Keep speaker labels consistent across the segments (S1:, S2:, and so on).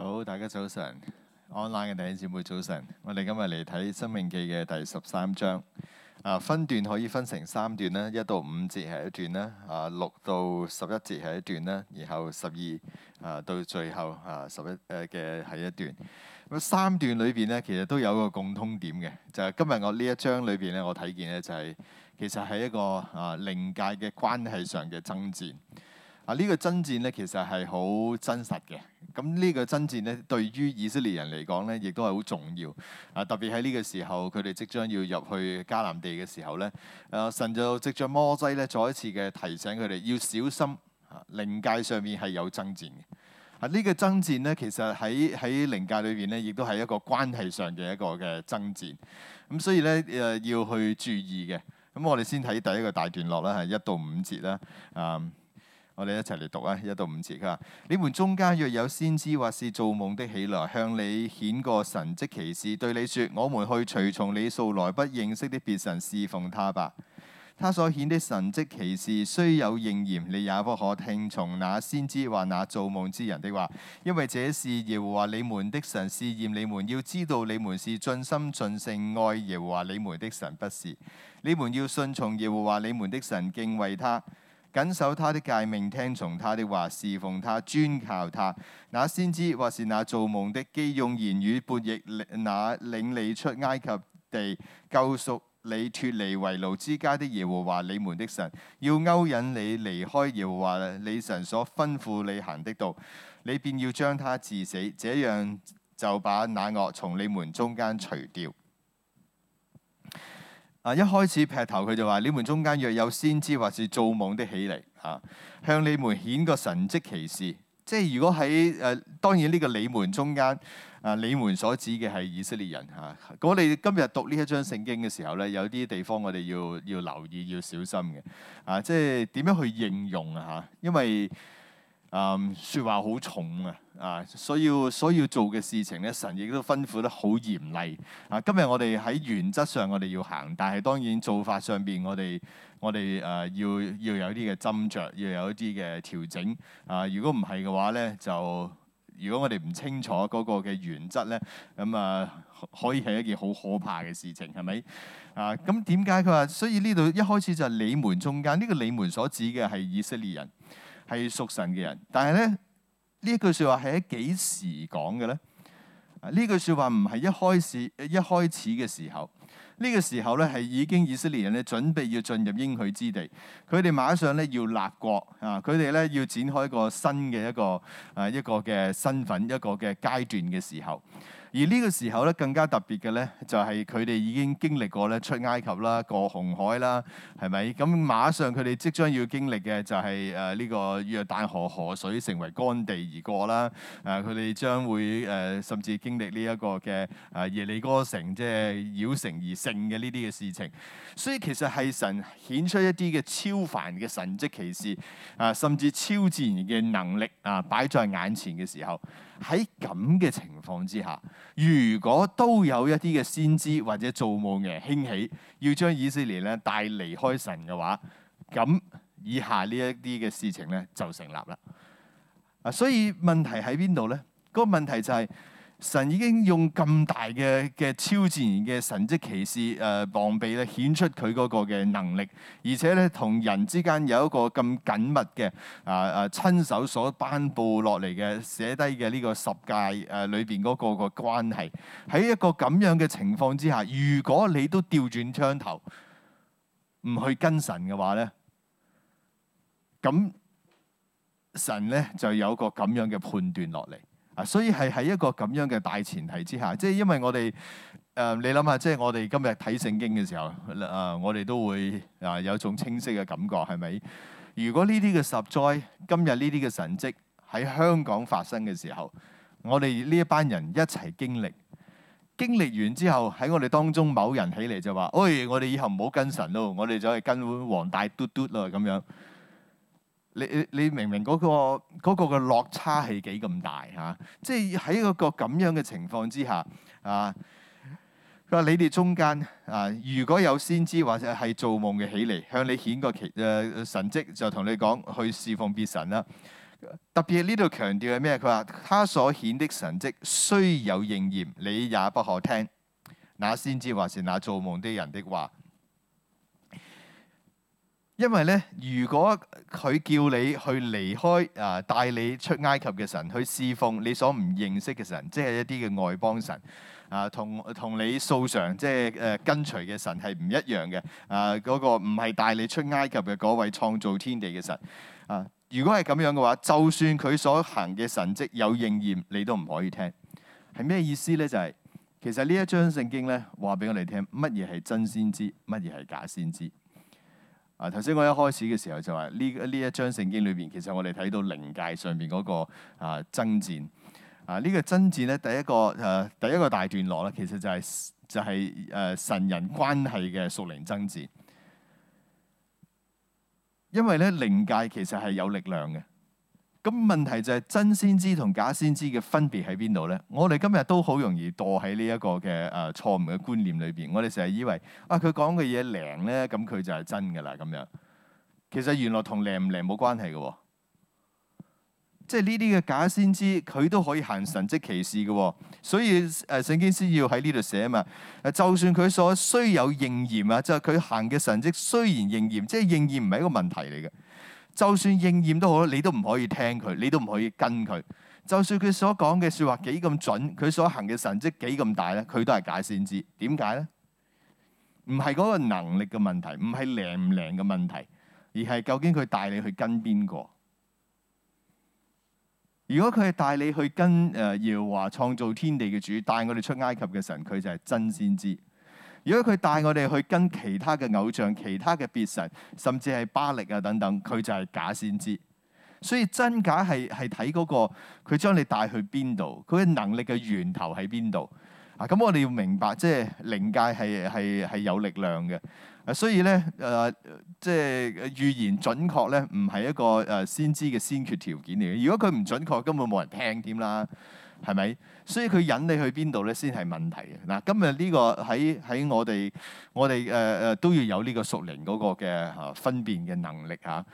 S1: 好，大家早晨，online 嘅弟兄姊妹早晨。我哋今日嚟睇《申命記》嘅第十三章。啊，分段可以分成三段啦，一到五節係一段啦，啊，六到十一節係一段啦，然後十二啊到最後啊十一誒嘅係一段。咁三段裏邊咧，其實都有一個共通點嘅，就係、是、今日我呢一章裏邊咧，我睇見咧就係、是、其實係一個啊靈界嘅關係上嘅爭戰啊。呢、這個爭戰咧，其實係好真實嘅。咁呢個爭戰咧，對於以色列人嚟講咧，亦都係好重要啊！特別喺呢個時候，佢哋即將要入去迦南地嘅時候咧，啊神就藉著摩西咧，再一次嘅提醒佢哋要小心啊！靈界上面係有爭戰嘅啊！呢、這個爭戰咧，其實喺喺靈界裏邊咧，亦都係一個關係上嘅一個嘅爭戰咁、啊，所以咧誒、呃、要去注意嘅。咁、啊、我哋先睇第一個大段落啦，係、啊、一到五節啦啊。我哋一齊嚟讀啊，一到五節哈。你們中間若有先知或是做夢的起來，向你顯個神蹟奇事，對你説：我們去隨從你素來不認識的別神侍奉他吧。他所顯的神蹟奇事雖有應驗，你也不可聽從那先知或那做夢之人的話，因為這是耶和華你們的神試驗你們，要知道你們是盡心盡性愛耶和華你們的神不是。你們要順從耶和華你們的神，敬畏他。.謹守他的誡命，聽從他的話，侍奉他，專靠他。那先知或是那造夢的，既用言語撥逆，那領你出埃及地、救贖你脫離為奴之家的耶和華你們的神，要勾引你離開耶和華你神所吩咐你行的道，你便要將他致死，這樣就把那惡從你們中間除掉。啊！一開始劈頭，佢就話：你們中間若有先知或是造夢的起嚟，嚇向你們顯個神蹟奇事。即係如果喺誒、呃，當然呢個你們中間啊，你們所指嘅係以色列人嚇。咁、啊、我今日讀呢一章聖經嘅時候咧，有啲地方我哋要要留意，要小心嘅啊。即係點樣去應用啊？嚇，因為誒説、嗯、話好重啊。啊，所以要所要做嘅事情咧，神亦都吩咐得好嚴厲。啊，今日我哋喺原則上我哋要行，但係當然做法上邊我哋我哋誒、啊、要要有啲嘅斟酌，要有一啲嘅調整。啊，如果唔係嘅話咧，就如果我哋唔清楚嗰個嘅原則咧，咁、嗯、啊可以係一件好可怕嘅事情，係咪？啊，咁點解佢話？所以呢度一開始就你們中間呢、呢個你們所指嘅係以色列人，係屬神嘅人，但係咧。呢一句説話係喺幾時講嘅咧？啊，呢句説話唔係一開始一開始嘅時候，呢、這個時候咧係已經以色列人咧準備要進入應許之地，佢哋馬上咧要立國啊！佢哋咧要展開一個新嘅一個啊一個嘅身份一個嘅階段嘅時候。而呢個時候咧，更加特別嘅咧，就係佢哋已經經歷過咧出埃及啦、過紅海啦，係咪？咁馬上佢哋即將要經歷嘅就係誒呢個約旦河河水成為乾地而過啦。誒、呃，佢哋將會誒、呃、甚至經歷呢一個嘅誒、呃、耶利哥城，即係繞城而勝嘅呢啲嘅事情。所以其實係神顯出一啲嘅超凡嘅神蹟奇事啊、呃，甚至超自然嘅能力啊，擺、呃、在眼前嘅時候。喺咁嘅情況之下，如果都有一啲嘅先知或者造夢嘅興起，要將以色列咧帶離開神嘅話，咁以下呢一啲嘅事情咧就成立啦。啊，所以問題喺邊度咧？個問題就係、是。神已經用咁大嘅嘅超自然嘅神蹟奇事誒，防備咧顯出佢嗰個嘅能力，而且咧同人之間有一個咁緊密嘅啊啊，親、呃呃、手所頒布落嚟嘅寫低嘅呢個十誡誒裏邊嗰個個關係，喺一個咁樣嘅情況之下，如果你都調轉槍頭唔去跟神嘅話咧，咁神咧就有個咁樣嘅判斷落嚟。啊，所以係喺一個咁樣嘅大前提之下，即係因為我哋誒、呃、你諗下，即係我哋今日睇聖經嘅時候，誒、呃、我哋都會啊、呃、有種清晰嘅感覺，係咪？如果呢啲嘅十災，今日呢啲嘅神蹟喺香港發生嘅時候，我哋呢一班人一齊經歷，經歷完之後喺我哋當中某人起嚟就話，喂，我哋以後唔好跟神咯，我哋就係跟黃大嘟嘟咯咁樣。你你你明唔明嗰、嗰個嘅、嗰個、落差係幾咁大嚇、啊，即係喺嗰個咁樣嘅情況之下啊，佢話你哋中間啊，如果有先知或者係造夢嘅起嚟向你顯個奇誒、呃、神跡，就同你講去侍奉別神啦。特別係呢度強調係咩？佢話他所顯的神跡雖有應驗，你也不可聽那先知或是那造夢的人的話。因為咧，如果佢叫你去離開啊、呃，帶你出埃及嘅神，去侍奉你所唔認識嘅神，即係一啲嘅外邦神啊，同、呃、同你素常即係誒、呃、跟隨嘅神係唔一樣嘅啊，嗰、呃那個唔係帶你出埃及嘅嗰位創造天地嘅神啊、呃。如果係咁樣嘅話，就算佢所行嘅神跡有應驗，你都唔可以聽。係咩意思咧？就係、是、其實呢一章聖經咧，話俾我哋聽乜嘢係真先知，乜嘢係假先知。啊！頭先我一開始嘅時候就話呢呢一張聖經裏邊，其實我哋睇到靈界上邊嗰、那個啊爭戰啊呢、這個爭戰咧，第一個誒、啊、第一個大段落咧，其實就係、是、就係、是、誒、啊、神人關係嘅屬靈爭戰，因為咧靈界其實係有力量嘅。咁問題就係真先知同假先知嘅分別喺邊度咧？我哋今日都好容易墮喺呢一個嘅誒、呃、錯誤嘅觀念裏邊，我哋成日以為啊佢講嘅嘢靈咧，咁佢就係真噶啦咁樣。其實原來同靈唔靈冇關係嘅、哦，即係呢啲嘅假先知佢都可以行神蹟奇事嘅。所以誒聖、呃、經先要喺呢度寫啊嘛。就算佢所雖有應驗啊，即係佢行嘅神蹟雖然應驗，即係應驗唔係一個問題嚟嘅。就算應驗都好，你都唔可以聽佢，你都唔可以跟佢。就算佢所講嘅說話幾咁準，佢所行嘅神蹟幾咁大咧，佢都係假先知。點解咧？唔係嗰個能力嘅問題，唔係靚唔靚嘅問題，而係究竟佢帶你去跟邊個。如果佢係帶你去跟誒，耶和華創造天地嘅主，帶我哋出埃及嘅神，佢就係真先知。如果佢帶我哋去跟其他嘅偶像、其他嘅別神，甚至係巴力啊等等，佢就係假先知。所以真假係係睇嗰個佢將你帶去邊度，佢嘅能力嘅源頭喺邊度啊？咁我哋要明白，即係靈界係係係有力量嘅。啊，所以咧，誒，呃，即係預言準確咧，唔係一個誒先知嘅先決條件嚟嘅。如果佢唔準確，根本冇人聽添啦。係咪？所以佢引你去邊度咧，先係問題嘅。嗱，今日呢個喺喺我哋我哋誒誒都要有呢個熟練嗰個嘅嚇分辨嘅能力嚇。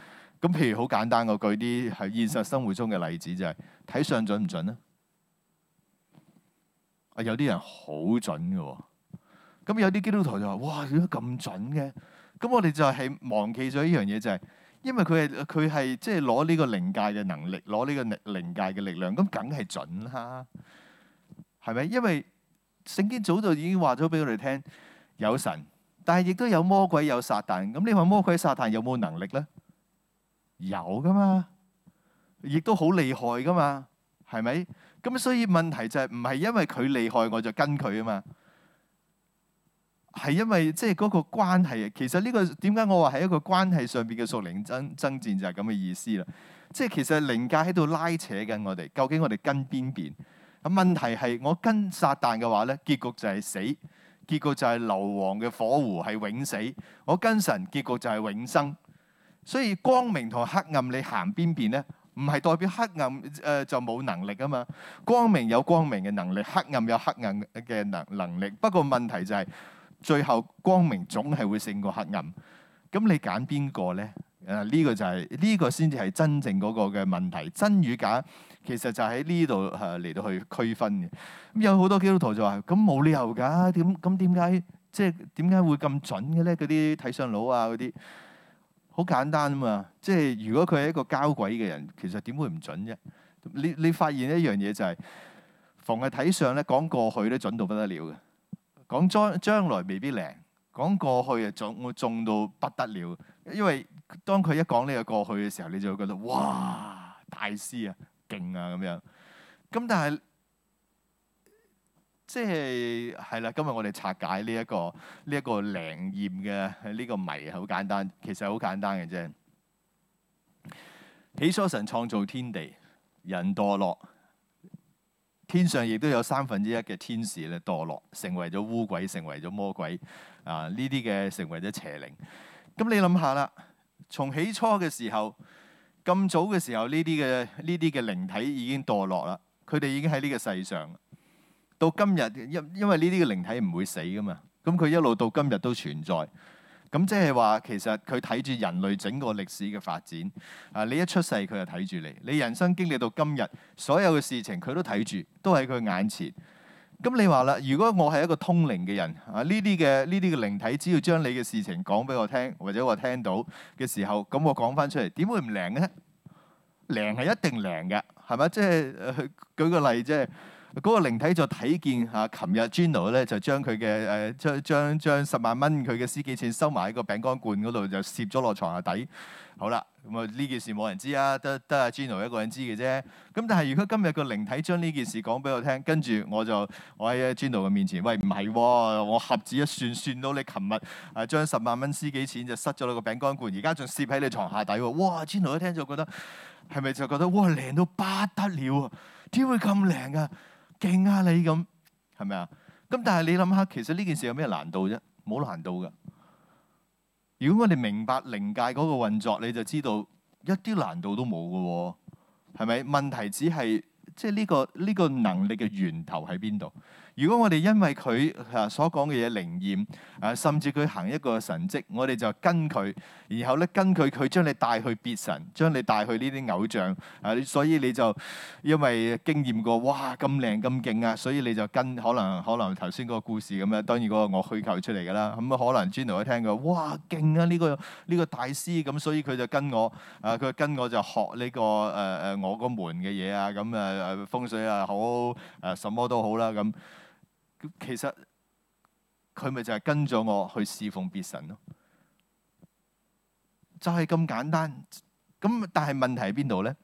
S1: 咁譬如好簡單個舉啲喺現實生活中嘅例子就係睇相準唔準啊？啊，有啲人好準㗎喎。咁有啲基督徒就話：哇，點解咁準嘅？咁我哋就係忘記咗一樣嘢就係。因為佢係佢係即係攞呢個靈界嘅能力，攞呢個靈靈界嘅力量，咁梗係準啦，係咪？因為聖經早就已經話咗俾我哋聽，有神，但係亦都有魔鬼，有撒旦。咁你話魔鬼撒旦有冇能力咧？有噶嘛，亦都好厲害噶嘛，係咪？咁所以問題就係唔係因為佢厲害我就跟佢啊嘛？係因為即係嗰個關係，其實呢個點解我話係一個關係上邊嘅屬靈爭爭戰就係咁嘅意思啦。即係其實靈界喺度拉扯緊我哋，究竟我哋跟邊邊？咁問題係我跟撒旦嘅話咧，結局就係死；結局就係硫磺嘅火湖係永死。我跟神，結局就係永生。所以光明同黑暗，你行邊邊咧？唔係代表黑暗誒就冇能力啊嘛。光明有光明嘅能力，黑暗有黑暗嘅能能力。不過問題就係、是。最後光明總係會勝過黑暗，咁你揀邊個咧？誒，呢個就係呢個先至係真正嗰個嘅問題，真與假其實就喺呢度誒嚟到去區分嘅。咁有好多基督徒就話，咁冇理由㗎，點咁點解即係點解會咁準嘅咧？嗰啲睇相佬啊嗰啲，好簡單啊嘛！即係如果佢係一個交鬼嘅人，其實點會唔準啫？你你發現一樣嘢就係，逢係睇相咧講過去都準到不得了嘅。講將將來未必靈，講過去啊，重會中到不得了。因為當佢一講呢個過去嘅時候，你就會覺得哇，大師啊，勁啊咁樣。咁、嗯、但係即係係啦，今日我哋拆解呢、呢、一個呢一、呢個靈驗嘅呢個謎，好簡單，其實好簡單嘅啫。起初神創造天地，人墮落。天上亦都有三分之一嘅天使咧墮落，成為咗污鬼，成為咗魔鬼啊！呢啲嘅成為咗邪靈。咁你諗下啦，從起初嘅時候，咁早嘅時候呢啲嘅呢啲嘅靈體已經墮落啦，佢哋已經喺呢個世上。到今日，因因為呢啲嘅靈體唔會死㗎嘛，咁佢一路到今日都存在。咁即係話，其實佢睇住人類整個歷史嘅發展。啊，你一出世佢就睇住你，你人生經歷到今日所有嘅事情，佢都睇住，都喺佢眼前。咁你話啦，如果我係一個通靈嘅人，啊呢啲嘅呢啲嘅靈體，只要將你嘅事情講俾我聽，或者我聽到嘅時候，咁我講翻出嚟，點會唔靈咧？靈係一定靈嘅，係咪？即係呃，舉個例，即係。嗰個靈體就睇見嚇，琴日 Juno 咧就、呃、將佢嘅誒將將將十萬蚊佢嘅私己錢收埋喺個餅乾罐嗰度，就攝咗落床下底。好啦，咁啊呢件事冇人知啊，得得阿 Juno 一個人知嘅啫。咁但係如果今日個靈體將呢件事講俾我聽，跟住我就我喺 Juno 嘅面前，喂唔係、哦，我合指一算，算到你琴日啊將十萬蚊私己錢就塞咗落個餅乾罐，而家仲攝喺你床下底喎、啊。哇！Juno 一聽就覺得係咪，就覺得哇靈到不得了啊？點會咁靈啊？勁啊，你咁係咪啊？咁但係你諗下，其實呢件事有咩難度啫？冇難度噶。如果我哋明白靈界嗰個運作，你就知道一啲難度都冇噶，係咪？問題只係即係呢個呢個能力嘅源頭喺邊度？如果我哋因為佢啊所講嘅嘢靈驗啊，甚至佢行一個神蹟，我哋就跟佢。然後咧，根據佢將你帶去別神，將你帶去呢啲偶像，啊，所以你就因為經驗過，哇，咁靚咁勁啊，所以你就跟可能可能頭先嗰個故事咁樣，當然嗰個我虛構出嚟噶啦，咁、啊、可能 Juno 一聽佢，哇，勁啊！呢、這個呢、這個大師，咁、啊、所以佢就跟我，啊，佢跟我就學呢、這個誒誒、呃、我個門嘅嘢啊，咁誒誒風水啊，好誒、啊、什麼都好啦，咁、啊、其實佢咪就係跟咗我去侍奉別神咯。就係咁簡單，咁但係問題喺邊度咧？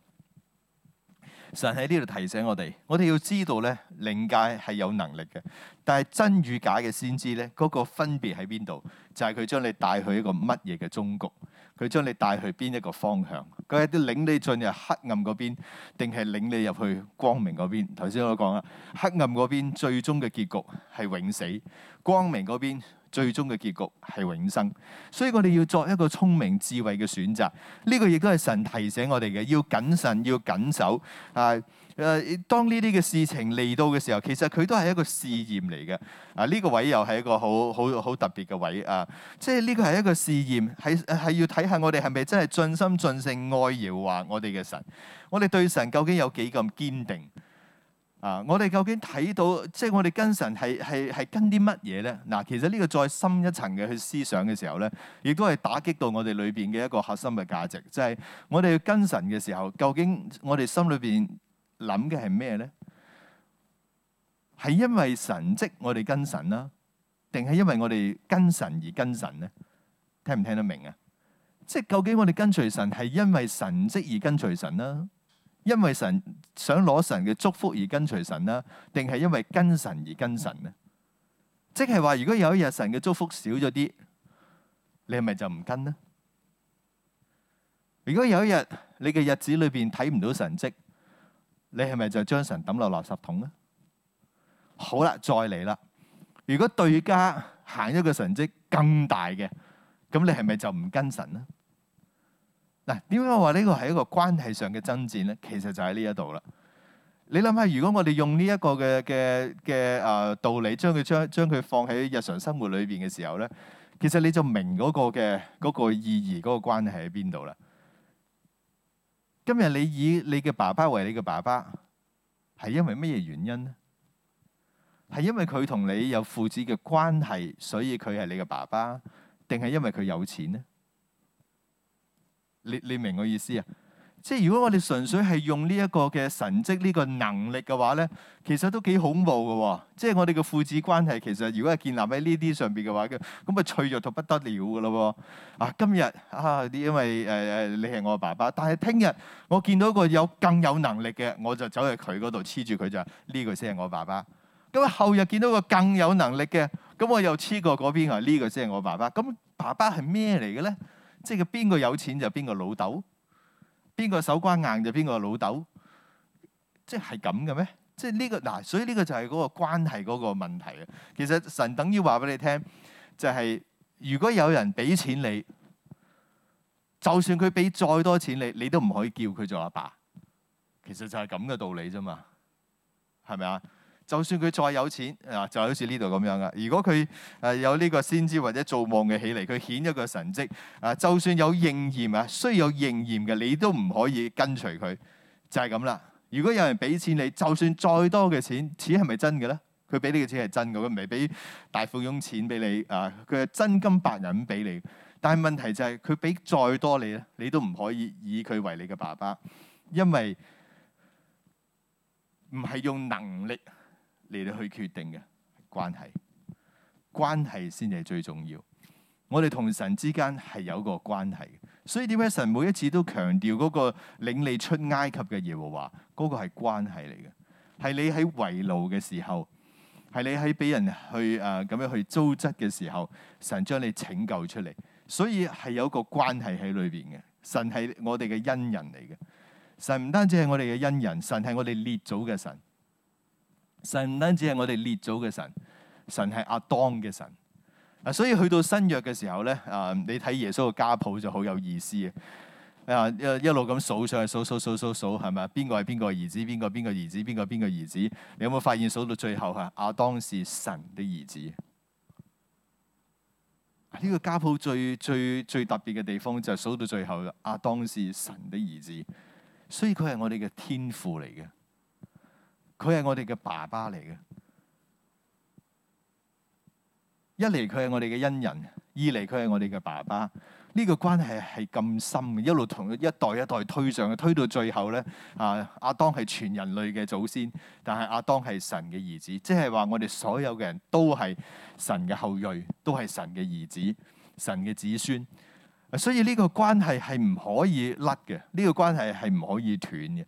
S1: 神喺呢度提醒我哋，我哋要知道咧，靈界係有能力嘅，但係真與假嘅先知咧，嗰、那個分別喺邊度？就係、是、佢將你帶去一個乜嘢嘅終局，佢將你帶去邊一個方向？佢係啲領你進入黑暗嗰邊，定係領你入去光明嗰邊？頭先我講啦，黑暗嗰邊最終嘅結局係永死，光明嗰邊，最終嘅結局係永生，所以我哋要作一個聰明智慧嘅選擇。呢、這個亦都係神提醒我哋嘅，要謹慎，要謹守。啊，誒、啊，當呢啲嘅事情嚟到嘅時候，其實佢都係一個試驗嚟嘅。啊，呢、這個位又係一個好好好特別嘅位啊，即係呢個係一個試驗，係係要睇下我哋係咪真係盡心盡性愛耶和華我哋嘅神，我哋對神究竟有幾咁堅定？啊！我哋究竟睇到，即係我哋跟神係係係跟啲乜嘢咧？嗱、啊，其實呢個再深一層嘅去思想嘅時候咧，亦都係打擊到我哋裏邊嘅一個核心嘅價值，就係、是、我哋要跟神嘅時候，究竟我哋心裏邊諗嘅係咩咧？係因為神跡我哋跟神啦、啊，定係因為我哋跟神而跟神咧？聽唔聽得明啊？即係究竟我哋跟隨神係因為神跡而跟隨神啦、啊？因為神想攞神嘅祝福而跟隨神啦，定係因為跟神而跟神呢？即係話，如果有一日神嘅祝福少咗啲，你係咪就唔跟呢？如果有一日你嘅日子裏邊睇唔到神跡，你係咪就將神抌落垃圾桶咧？好啦，再嚟啦！如果對家行咗一個神跡更大嘅，咁你係咪就唔跟神呢？嗱，點解我話呢個係一個關係上嘅爭戰呢？其實就喺呢一度啦。你諗下，如果我哋用呢一個嘅嘅嘅啊道理，將佢將將佢放喺日常生活裏邊嘅時候呢，其實你就明嗰個嘅嗰個意義嗰個關係喺邊度啦。今日你以你嘅爸爸為你嘅爸爸，係因為咩原因呢？係因為佢同你有父子嘅關係，所以佢係你嘅爸爸，定係因為佢有錢呢？你你明我意思啊？即係如果我哋純粹係用呢一個嘅神蹟呢、這個能力嘅話咧，其實都幾恐怖嘅、哦。即係我哋嘅父子關係，其實如果係建立喺呢啲上邊嘅話，咁咁啊脆弱到不得了噶咯、哦。啊，今日啊，因為誒誒、呃呃，你係我爸爸。但係聽日我見到個有更有能力嘅，我就走去佢嗰度黐住佢就呢個先係我爸爸。咁、嗯、後日見到個更有能力嘅，咁我又黐過嗰邊啊，呢、這個先係我爸爸。咁、嗯、爸爸係咩嚟嘅咧？即係個邊個有錢就邊個老豆，邊個手瓜硬就邊個老豆，即係咁嘅咩？即係呢個嗱，所以呢個就係嗰個關係嗰個問題啊。其實神等於話俾你聽，就係如果有人俾錢你，就算佢俾再多錢你，你都唔可以叫佢做阿爸。其實就係咁嘅道理啫嘛，係咪啊？就算佢再有錢啊，就好似呢度咁樣啦。如果佢誒、呃、有呢個先知或者造夢嘅起嚟，佢顯咗個神跡啊、呃，就算有應驗啊，雖有應驗嘅，你都唔可以跟隨佢，就係咁啦。如果有人俾錢你，就算再多嘅錢，錢係咪真嘅咧？佢俾呢個錢係真嘅，佢唔係俾大富翁錢俾你啊，佢、呃、係真金白銀俾你。但係問題就係佢俾再多你咧，你都唔可以以佢為你嘅爸爸，因為唔係用能力。嚟到去決定嘅關係，關係先係最重要。我哋同神之間係有一個關係嘅，所以點解神每一次都強調嗰個領你出埃及嘅耶和華，嗰個係關係嚟嘅，係你喺為奴嘅時候係你喺俾人去誒咁樣去糟質嘅時候，神將你拯救出嚟，所以係有一個關係喺裏邊嘅。神係我哋嘅恩人嚟嘅，神唔單止係我哋嘅恩人，神係我哋列祖嘅神。神唔單止係我哋列祖嘅神，神係亞當嘅神。啊，所以去到新約嘅時候咧，啊、呃，你睇耶穌嘅家譜就好有意思嘅。啊、呃，一一路咁數上去，數數數數數，係咪？邊個係邊個兒子？邊個邊個兒子？邊個邊個兒子？你有冇發現數到最後吓？亞當是神的兒子。呢、這個家譜最最最，最特別嘅地方就係數到最後，亞當是神的兒子。所以佢係我哋嘅天父嚟嘅。佢係我哋嘅爸爸嚟嘅。一嚟佢係我哋嘅恩人；二嚟佢係我哋嘅爸爸。呢個關係係咁深嘅，一路同一代一代推上去，推到最後咧。啊，亞當係全人類嘅祖先，但係亞當係神嘅兒子，即係話我哋所有嘅人都係神嘅後裔，都係神嘅兒子、神嘅子孫。所以呢個關係係唔可以甩嘅，呢個關係係唔可以斷嘅，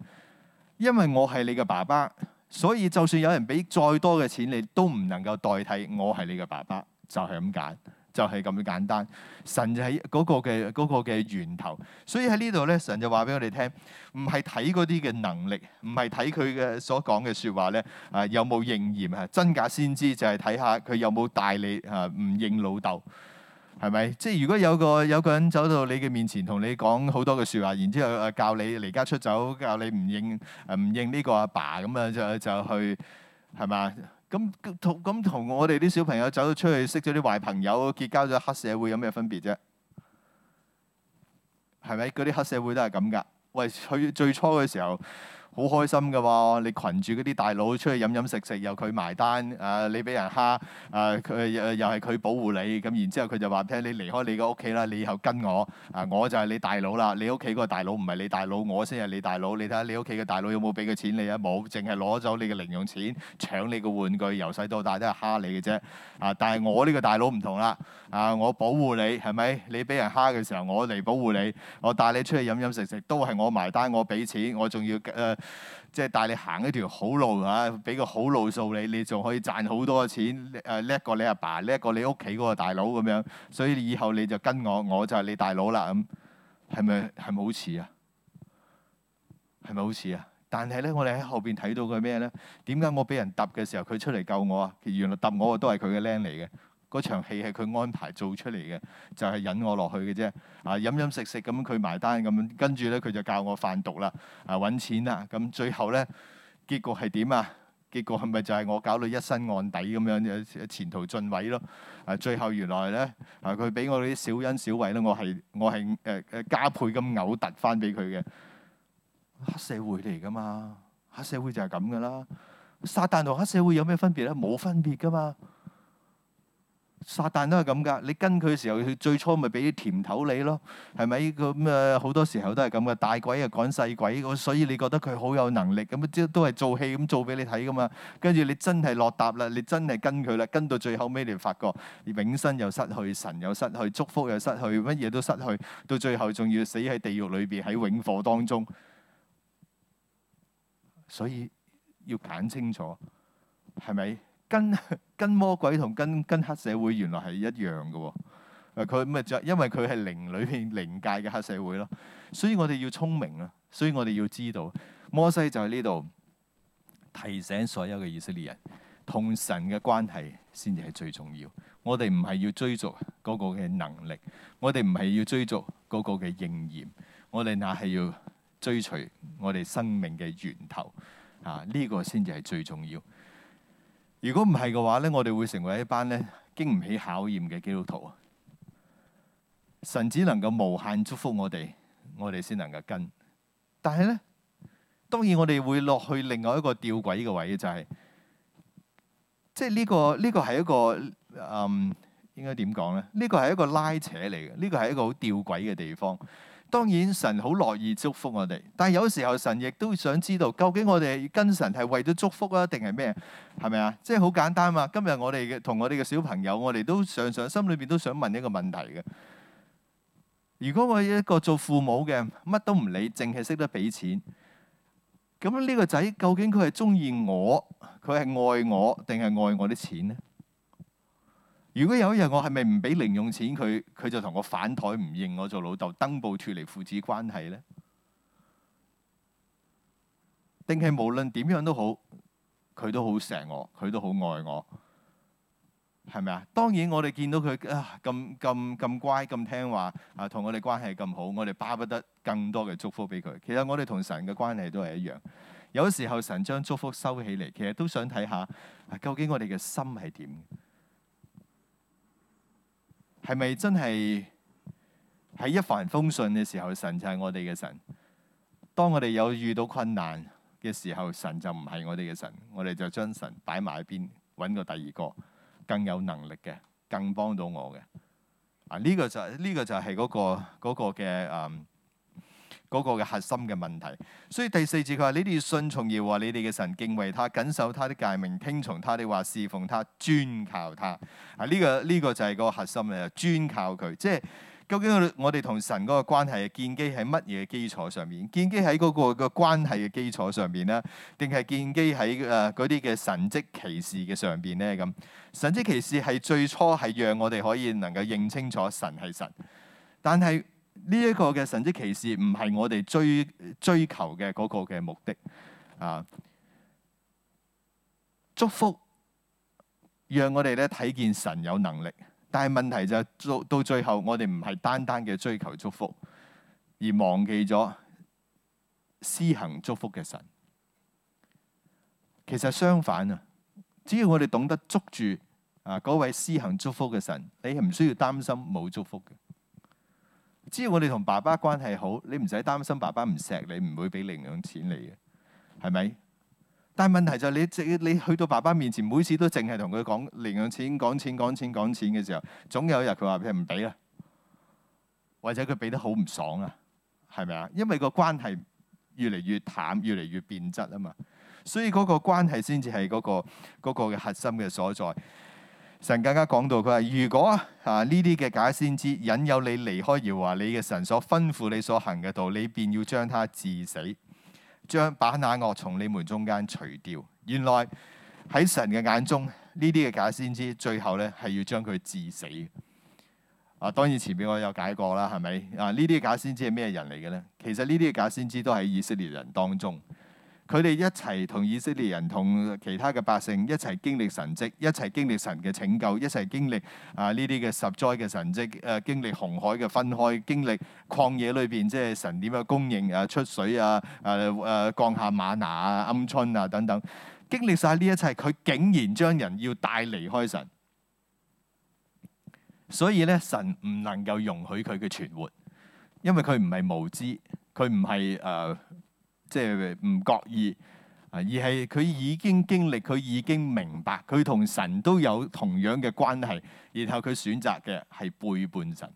S1: 因為我係你嘅爸爸。所以就算有人俾再多嘅錢你，都唔能夠代替我係你嘅爸爸，就係咁簡，就係咁簡單。神就係嗰個嘅嗰個嘅源頭，所以喺呢度咧，神就話俾我哋聽，唔係睇嗰啲嘅能力，唔係睇佢嘅所講嘅説話咧，啊有冇應驗啊，真假先知就係睇下佢有冇帶你啊唔認老豆。係咪？即係如果有個有個人走到你嘅面前，同你講好多嘅説話，然之後誒教你離家出走，教你唔認誒唔認呢個阿爸咁樣，就就去係咪？咁同咁同我哋啲小朋友走咗出去，識咗啲壞朋友，結交咗黑社會有，有咩分別啫？係咪？嗰啲黑社會都係咁㗎。喂，佢最初嘅時候，好開心噶喎！你群住嗰啲大佬出去飲飲食食，又佢埋單。啊，你俾人蝦啊，佢又又係佢保護你。咁然之後佢就話，聽你離開你個屋企啦，你以後跟我啊，我就係你大佬啦。你屋企個大佬唔係你大佬，我先係你大佬。你睇下你屋企嘅大佬有冇俾佢錢你啊？冇，淨係攞走你嘅零用錢，搶你嘅玩具，由細到大都係蝦你嘅啫。啊，但係我呢個大佬唔同啦。啊，我保護你，係咪？你俾人蝦嘅時候，我嚟保護你。我帶你出去飲飲食食，都係我埋單，我俾錢，我仲要誒。呃呃即係帶你行一條好路啊，俾個好路數你，你仲可以賺好多嘅錢，誒叻過你阿爸、爸，叻過你屋企嗰個大佬咁樣。所以以後你就跟我，我就係你大佬啦。咁係咪係咪好似啊？係咪好似啊？但係咧，我哋喺後邊睇到佢咩咧？點解我俾人揼嘅時候，佢出嚟救我啊？原來揼我都係佢嘅靚嚟嘅。嗰場戲係佢安排做出嚟嘅，就係引我落去嘅啫。啊，飲飲食食咁，佢埋單咁樣，跟住咧佢就教我販毒啦，啊揾錢啦。咁最後咧，結局係點啊？結局係咪就係我搞到一身案底咁樣，前途盡毀咯？啊，最後原來咧，啊佢俾我啲小恩小惠咧，我係我係誒誒加倍咁嘔突翻俾佢嘅黑社會嚟㗎嘛，黑社會就係咁㗎啦。撒旦同黑社會有咩分別咧？冇分別㗎嘛。撒旦都係咁噶，你跟佢嘅時候，佢最初咪俾啲甜頭你咯，係咪？咁啊好多時候都係咁噶，大鬼又趕細鬼，所以你覺得佢好有能力，咁咪都係做戲咁做俾你睇噶嘛。跟住你真係落搭啦，你真係跟佢啦，跟到最後尾你發覺你永生又失去，神又失去，祝福又失去，乜嘢都失去，到最後仲要死喺地獄裏邊喺永火當中。所以要揀清楚，係咪？跟跟魔鬼同跟跟黑社會原來係一樣㗎喎。佢咪就因為佢係靈裏邊靈界嘅黑社會咯。所以我哋要聰明啦，所以我哋要知道摩西就喺呢度提醒所有嘅以色列人，同神嘅關係先至係最重要。我哋唔係要追逐嗰個嘅能力，我哋唔係要追逐嗰個嘅應驗，我哋那係要追隨我哋生命嘅源頭啊！呢個先至係最重要。如果唔係嘅話咧，我哋會成為一班咧經唔起考驗嘅基督徒啊！神只能夠無限祝福我哋，我哋先能夠跟。但係咧，當然我哋會落去另外一個吊詭嘅位，就係、是、即係呢、呢個呢、呢個係一個嗯應該點講咧？呢、呢個係一個拉扯嚟嘅，呢、呢個係一個好吊詭嘅地方。當然神好樂意祝福我哋，但係有時候神亦都想知道究竟我哋跟神係為咗祝福啊，定係咩？係咪啊？即係好簡單嘛。今日我哋嘅同我哋嘅小朋友，我哋都常常心裏邊都想問一個問題嘅。如果我一個做父母嘅乜都唔理，淨係識得俾錢，咁呢個仔究竟佢係中意我，佢係愛我，定係愛我啲錢呢？如果有一日我係咪唔俾零用錢佢，佢就同我反台唔認我做老豆，登報脱離父子關係呢？定係無論點樣都好，佢都好錫我，佢都好愛我，係咪啊？當然我哋見到佢啊咁咁咁乖咁聽話啊，同我哋關係咁好，我哋巴不得更多嘅祝福俾佢。其實我哋同神嘅關係都係一樣，有啲時候神將祝福收起嚟，其實都想睇下究竟我哋嘅心係點。係咪真係喺一帆風順嘅時候，神就係我哋嘅神？當我哋有遇到困難嘅時候，神就唔係我哋嘅神，我哋就將神擺埋一邊，揾個第二個更有能力嘅、更幫到我嘅啊！呢個就呢個就係嗰個嗰個嘅啊。嗰個嘅核心嘅問題，所以第四節佢話：你哋要信從耶和華你哋嘅神，敬畏他，謹守他的誡命，聽從他的話，侍奉他，專靠他。啊，呢、這個呢、這個就係個核心嚟，咧，專靠佢。即係究竟我哋同神嗰個關係建基喺乜嘢基礎上面？建基喺嗰個個關係嘅基礎上面呢？定係建基喺誒嗰啲嘅神蹟奇事嘅上邊咧？咁神蹟奇事係最初係讓我哋可以能夠認清楚神係神，但係，呢一個嘅神之歧事，神蹟奇事唔係我哋追追求嘅嗰個嘅目的啊！祝福讓我哋咧睇見神有能力，但係問題就係到到最後，我哋唔係單單嘅追求祝福，而忘記咗施行祝福嘅神。其實相反啊，只要我哋懂得捉住啊嗰位施行祝福嘅神，你係唔需要擔心冇祝福嘅。只要我哋同爸爸關係好，你唔使擔心爸爸唔錫你，唔會俾零用錢你嘅，係咪？但係問題就係你，你去到爸爸面前，每次都淨係同佢講零用錢、講錢、講錢、講錢嘅時候，總有一日佢話：佢唔俾啦，或者佢俾得好唔爽啊，係咪啊？因為個關係越嚟越淡，越嚟越變質啊嘛，所以嗰個關係先至係嗰個嗰個嘅核心嘅所在。神更加講到，佢話：如果啊呢啲嘅假先知引誘你離開耶和華你嘅神所吩咐你所行嘅道，你便要將他治死，將把那惡從你們中間除掉。原來喺神嘅眼中，呢啲嘅假先知最後咧係要將佢治死。啊，當然前面我有解過啦，係咪？啊，呢啲假先知係咩人嚟嘅咧？其實呢啲嘅假先知都喺以色列人當中。佢哋一齊同以色列人，同其他嘅百姓一齊經歷神蹟，一齊經歷神嘅拯救，一齊經歷啊呢啲嘅十災嘅神蹟，誒、呃、經歷紅海嘅分開，經歷曠野裏邊即係神點樣供應，誒、啊、出水啊，誒、啊、誒降下瑪拿啊、鵪鶉啊等等，經歷晒呢一切，佢竟然將人要帶離開神，所以咧，神唔能夠容許佢嘅存活，因為佢唔係無知，佢唔係誒。呃即係唔覺意，而係佢已經經歷，佢已經明白，佢同神都有同樣嘅關係。然後佢選擇嘅係背叛神。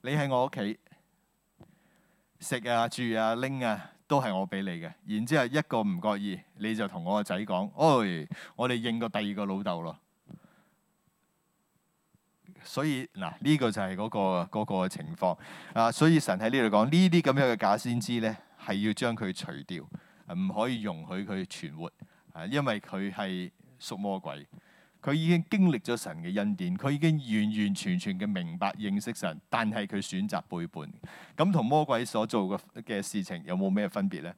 S1: 你喺我屋企食啊、住啊、拎啊，都係我俾你嘅。然之後一個唔覺意，你就同我個仔講：哎、hey，我哋認個第二個老豆咯。所以嗱，呢個就係嗰個嗰個情況啊！所以神喺呢度講呢啲咁樣嘅假先知咧，係要將佢除掉，唔可以容許佢存活啊！因為佢係屬魔鬼，佢已經經歷咗神嘅恩典，佢已經完完全全嘅明白認識神，但係佢選擇背叛，咁同魔鬼所做嘅嘅事情有冇咩分別咧？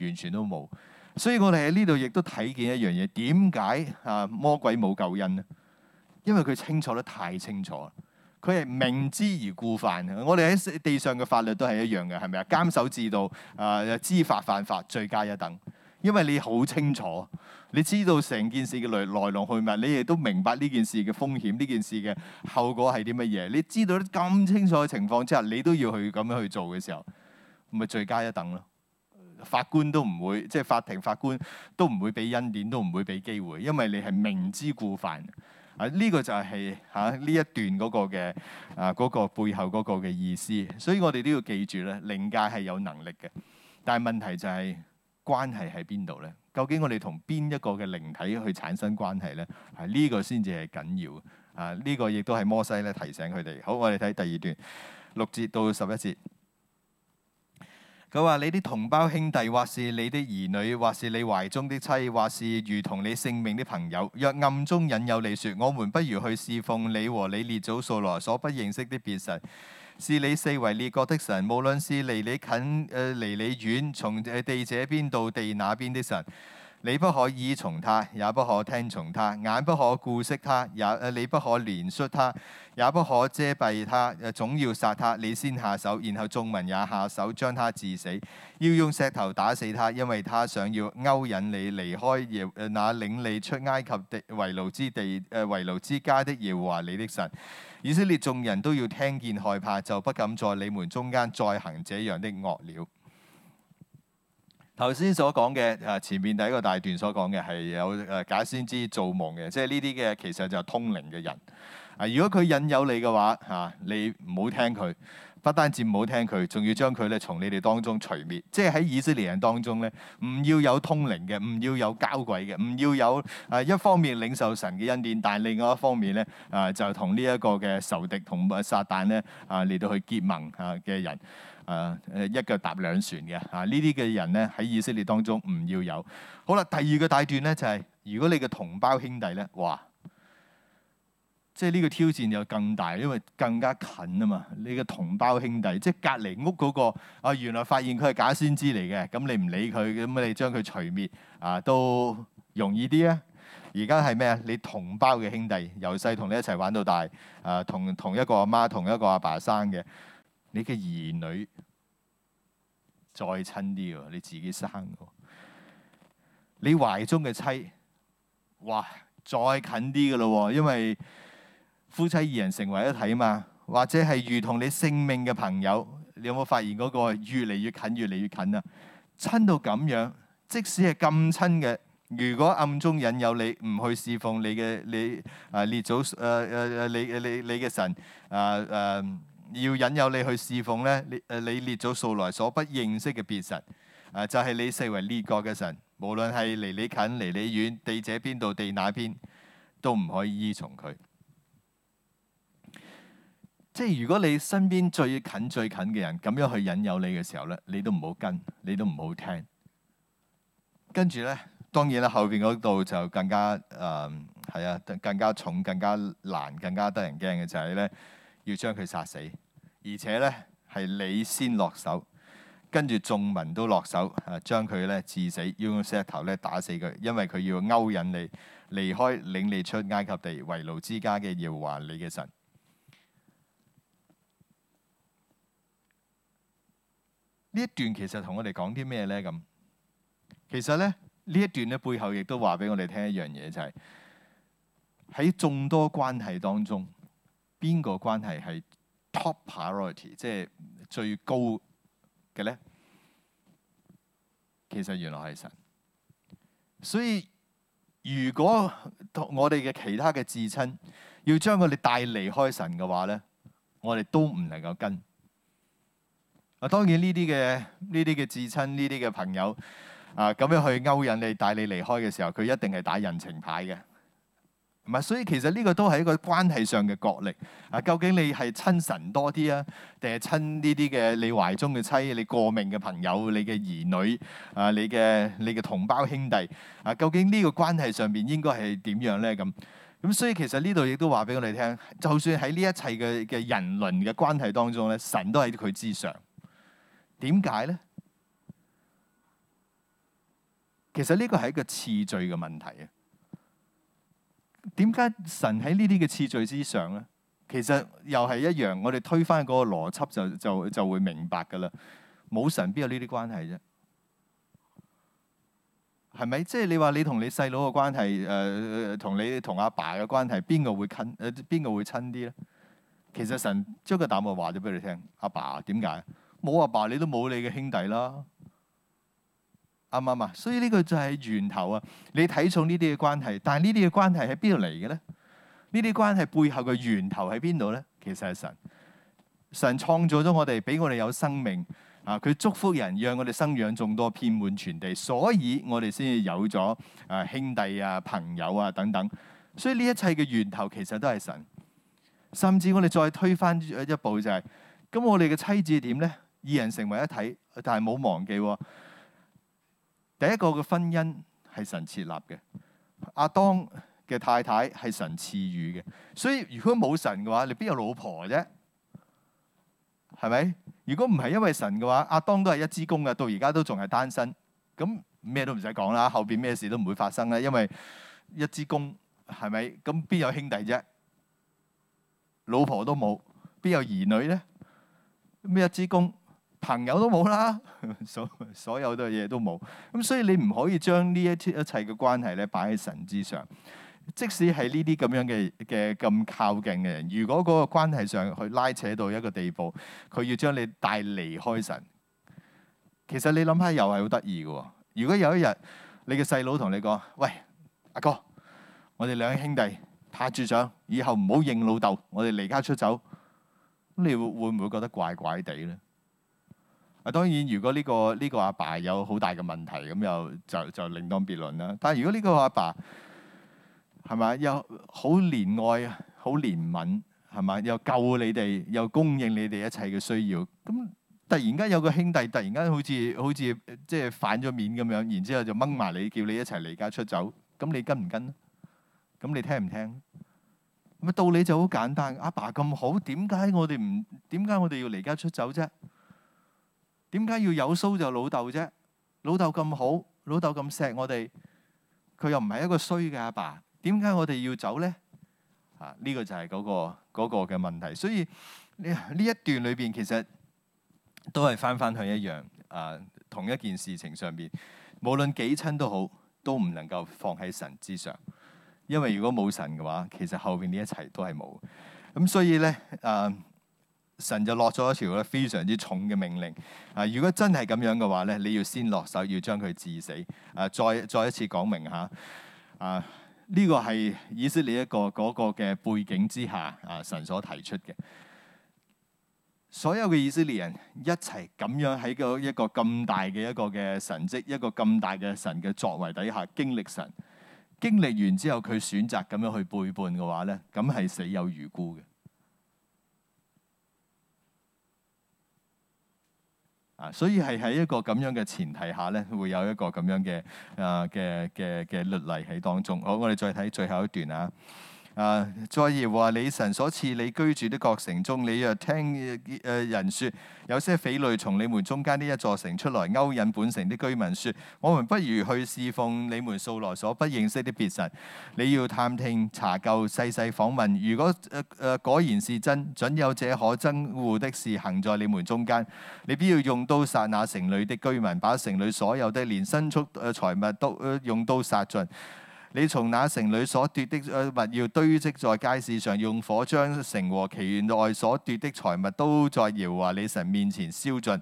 S1: 完全都冇。所以我哋喺呢度亦都睇見一樣嘢，點解啊魔鬼冇救恩咧？因為佢清楚得太清楚，佢係明知而故犯。我哋喺地上嘅法律都係一樣嘅，係咪啊？監守自盜，啊、呃，知法犯法，罪加一等。因為你好清楚，你知道成件事嘅來來龍去脈，你亦都明白呢件事嘅風險，呢件事嘅後果係啲乜嘢？你知道得咁清楚嘅情況之下，你都要去咁樣去做嘅時候，咪罪加一等咯。法官都唔會，即係法庭法官都唔會俾恩典，都唔會俾機會，因為你係明知故犯。啊！呢、這個就係嚇呢一段嗰個嘅啊嗰、那個背後嗰個嘅意思，所以我哋都要記住咧，靈界係有能力嘅，但係問題就係、是、關係喺邊度咧？究竟我哋同邊一個嘅靈體去產生關係咧？係呢個先至係緊要啊！呢、這個亦都係摩西咧提醒佢哋。好，我哋睇第二段六節到十一節。佢話：你啲同胞兄弟，或是你啲兒女，或是你懷中的妻，或是如同你性命的朋友，若暗中引誘你説：我們不如去侍奉你和你列祖素來所不認識的別神，是你四圍列國的神，無論是離你近、誒、呃、離你遠，從地這邊到地那邊的神。你不可依從他，也不可聽從他；眼不可顧惜他，也你不可憐恤他，也不可遮蔽他。誒，總要殺他，你先下手，然後眾民也下手，將他致死，要用石頭打死他，因為他想要勾引你離開那、呃、領你出埃及的為奴之地，誒，為奴之家的耶和華你的神。以色列眾人都要聽見害怕，就不敢在你們中間再行這樣的惡了。頭先所講嘅，誒前面第一個大段所講嘅係有誒假先知造夢嘅，即係呢啲嘅其實就係通靈嘅人。啊，如果佢引誘你嘅話，嚇你唔好聽佢，不單止唔好聽佢，仲要將佢咧從你哋當中除滅。即係喺以色列人當中咧，唔要有通靈嘅，唔要有交鬼嘅，唔要有誒一方面領受神嘅恩典，但係另外一方面咧，誒就同呢一個嘅仇敵同誒撒旦咧，啊嚟到去結盟嚇嘅人。誒誒、啊，一腳踏兩船嘅嚇，啊、呢啲嘅人咧喺以色列當中唔要有。好啦，第二個大段咧就係、是、如果你嘅同胞兄弟咧，哇，即係呢個挑戰又更大，因為更加近啊嘛。你嘅同胞兄弟即係隔離屋嗰、那個啊，原來發現佢係假先知嚟嘅，咁你唔理佢，咁你將佢除滅啊，都容易啲啊。而家係咩啊？你同胞嘅兄弟由細同你一齊玩到大啊，同同一個阿媽，媽同一個阿爸，爸生嘅。你嘅兒女再親啲喎，你自己生嘅；你懷中嘅妻，哇，再近啲嘅咯喎，因為夫妻二人成為一體啊嘛。或者係如同你性命嘅朋友，你有冇發現嗰個越嚟越近，越嚟越近啊？親到咁樣，即使係咁親嘅，如果暗中引誘你唔去侍奉你嘅你啊，列啊，啊，列祖誒誒你你你嘅神啊啊！啊要引誘你去侍奉咧，你你列祖素來所不認識嘅別神，啊、呃、就係、是、你四圍列國嘅神，無論係離你近離你遠，地者邊度地那邊，都唔可以依從佢。即係如果你身邊最近最近嘅人咁樣去引誘你嘅時候咧，你都唔好跟，你都唔好聽。跟住咧，當然啦，後邊嗰度就更加誒，係、呃、啊，更加重、更加難、更加得人驚嘅就係咧，要將佢殺死。而且咧，係你先落手，跟住眾民都落手，啊，將佢咧治死，要用石頭咧打死佢，因為佢要勾引你，離開領你出埃及地，為奴之家嘅耶和華你嘅神。呢一段其實同我哋講啲咩呢？咁？其實咧，呢一段咧，背後亦都話俾我哋聽一樣嘢，就係、是、喺眾多關係當中，邊個關係係？Top priority，即係最高嘅咧，其實原來係神。所以如果我哋嘅其他嘅至親要將佢哋帶離開神嘅話咧，我哋都唔能夠跟。啊，當然呢啲嘅呢啲嘅至親呢啲嘅朋友啊，咁樣去勾引你帶你離開嘅時候，佢一定係打人情牌嘅。唔係、啊啊啊啊，所以其實呢個都係一個關係上嘅角力啊！究竟你係親神多啲啊，定係親呢啲嘅你懷中嘅妻、你過命嘅朋友、你嘅兒女啊、你嘅你嘅同胞兄弟啊？究竟呢個關係上邊應該係點樣咧？咁咁，所以其實呢度亦都話俾我哋聽，就算喺呢一切嘅嘅人倫嘅關係當中咧，神都喺佢之上。點解咧？其實呢個係一個次序嘅問題啊！點解神喺呢啲嘅次序之上咧？其實又係一樣，我哋推翻嗰個邏輯就就就會明白噶啦冇神邊有呢啲關係啫？係咪？即係你話你同你細佬嘅關係誒，同你同阿爸嘅關係，邊個、呃呃呃、會親誒？邊、呃、個會親啲咧？其實神將個答案話咗俾你聽。阿爸，點解？冇阿爸，你都冇你嘅兄弟啦。啱唔啱？所以呢個就係源頭啊！你睇重呢啲嘅關係，但係呢啲嘅關係喺邊度嚟嘅咧？呢啲關係背後嘅源頭喺邊度咧？其實係神，神創造咗我哋，俾我哋有生命啊！佢祝福人，讓我哋生養眾多，遍滿全地，所以我哋先至有咗啊兄弟啊朋友啊等等。所以呢一切嘅源頭其實都係神，甚至我哋再推翻一步就係、是、咁，我哋嘅妻子點咧？二人成為一體，但係冇忘記、啊。第一個嘅婚姻係神設立嘅，阿當嘅太太係神賜予嘅，所以如果冇神嘅話，你邊有老婆啫？係咪？如果唔係因為神嘅話，阿當都係一支公嘅，到而家都仲係單身，咁咩都唔使講啦，後邊咩事都唔會發生啦，因為一支公，係咪？咁邊有兄弟啫？老婆都冇，邊有兒女咧？咩一支公？朋友都冇啦，所所有嘅嘢都冇。咁，所以你唔可以將呢一啲一切嘅關係咧擺喺神之上。即使係呢啲咁樣嘅嘅咁靠近嘅人，如果嗰個關係上去拉扯到一個地步，佢要將你帶離開神，其實你諗下又係好得意嘅。如果有一日你嘅細佬同你講：「喂，阿哥，我哋兩兄弟拍住掌，以後唔好認老豆，我哋離家出走，你會唔會覺得怪怪地咧？啊，當然，如果呢個呢個阿爸有好大嘅問題，咁又就就另當別論啦。但係如果呢個阿爸係咪又好憐愛、好憐憫係咪又救你哋，又供應你哋一切嘅需要，咁突然間有個兄弟突然間好似好似、呃、即係反咗面咁樣，然之後就掹埋你，叫你一齊離家出走，咁你跟唔跟？咁你聽唔聽？啊，道理就好簡單，阿爸咁好，點解我哋唔點解我哋要離家出走啫？點解要有蘇就老豆啫？老豆咁好，老豆咁錫我哋，佢又唔係一個衰嘅阿爸。點解我哋要走咧？啊，呢個就係嗰個嗰個嘅問題。所以呢呢一段裏邊其實都係翻翻去一樣啊，同一件事情上邊，無論幾親都好，都唔能夠放喺神之上。因為如果冇神嘅話，其實後邊呢一切都係冇。咁所以咧啊。神就落咗一條非常之重嘅命令，啊！如果真係咁樣嘅話咧，你要先落手，要將佢致死。啊，再再一次講明下，啊，呢個係以色列一個嗰個嘅背景之下，啊，神所提出嘅。所有嘅以色列人一齊咁樣喺一個咁大嘅一個嘅神蹟，一個咁大嘅神嘅作為底下經歷神，經歷完之後佢選擇咁樣去背叛嘅話咧，咁係死有餘辜嘅。所以係喺一個咁樣嘅前提下咧，會有一個咁樣嘅啊嘅嘅嘅律例喺當中。好，我哋再睇最後一段啊。啊！Uh, 再而話，你神所賜你居住的各城中，你若聽誒、呃、人説，有些匪類從你們中間呢一座城出來勾引本城的居民，説：我們不如去侍奉你們素來所不認識的別神。你要探聽查究細細訪問，如果誒誒、呃呃、果然是真，準有者可憎惡的事行在你們中間。你必要用刀殺那城裏的居民，把城裏所有的連牲畜財物都、呃、用刀殺盡。你從那城裏所奪的物要堆積在街市上，用火將城和其內所奪的財物都在耶和華你神面前燒盡。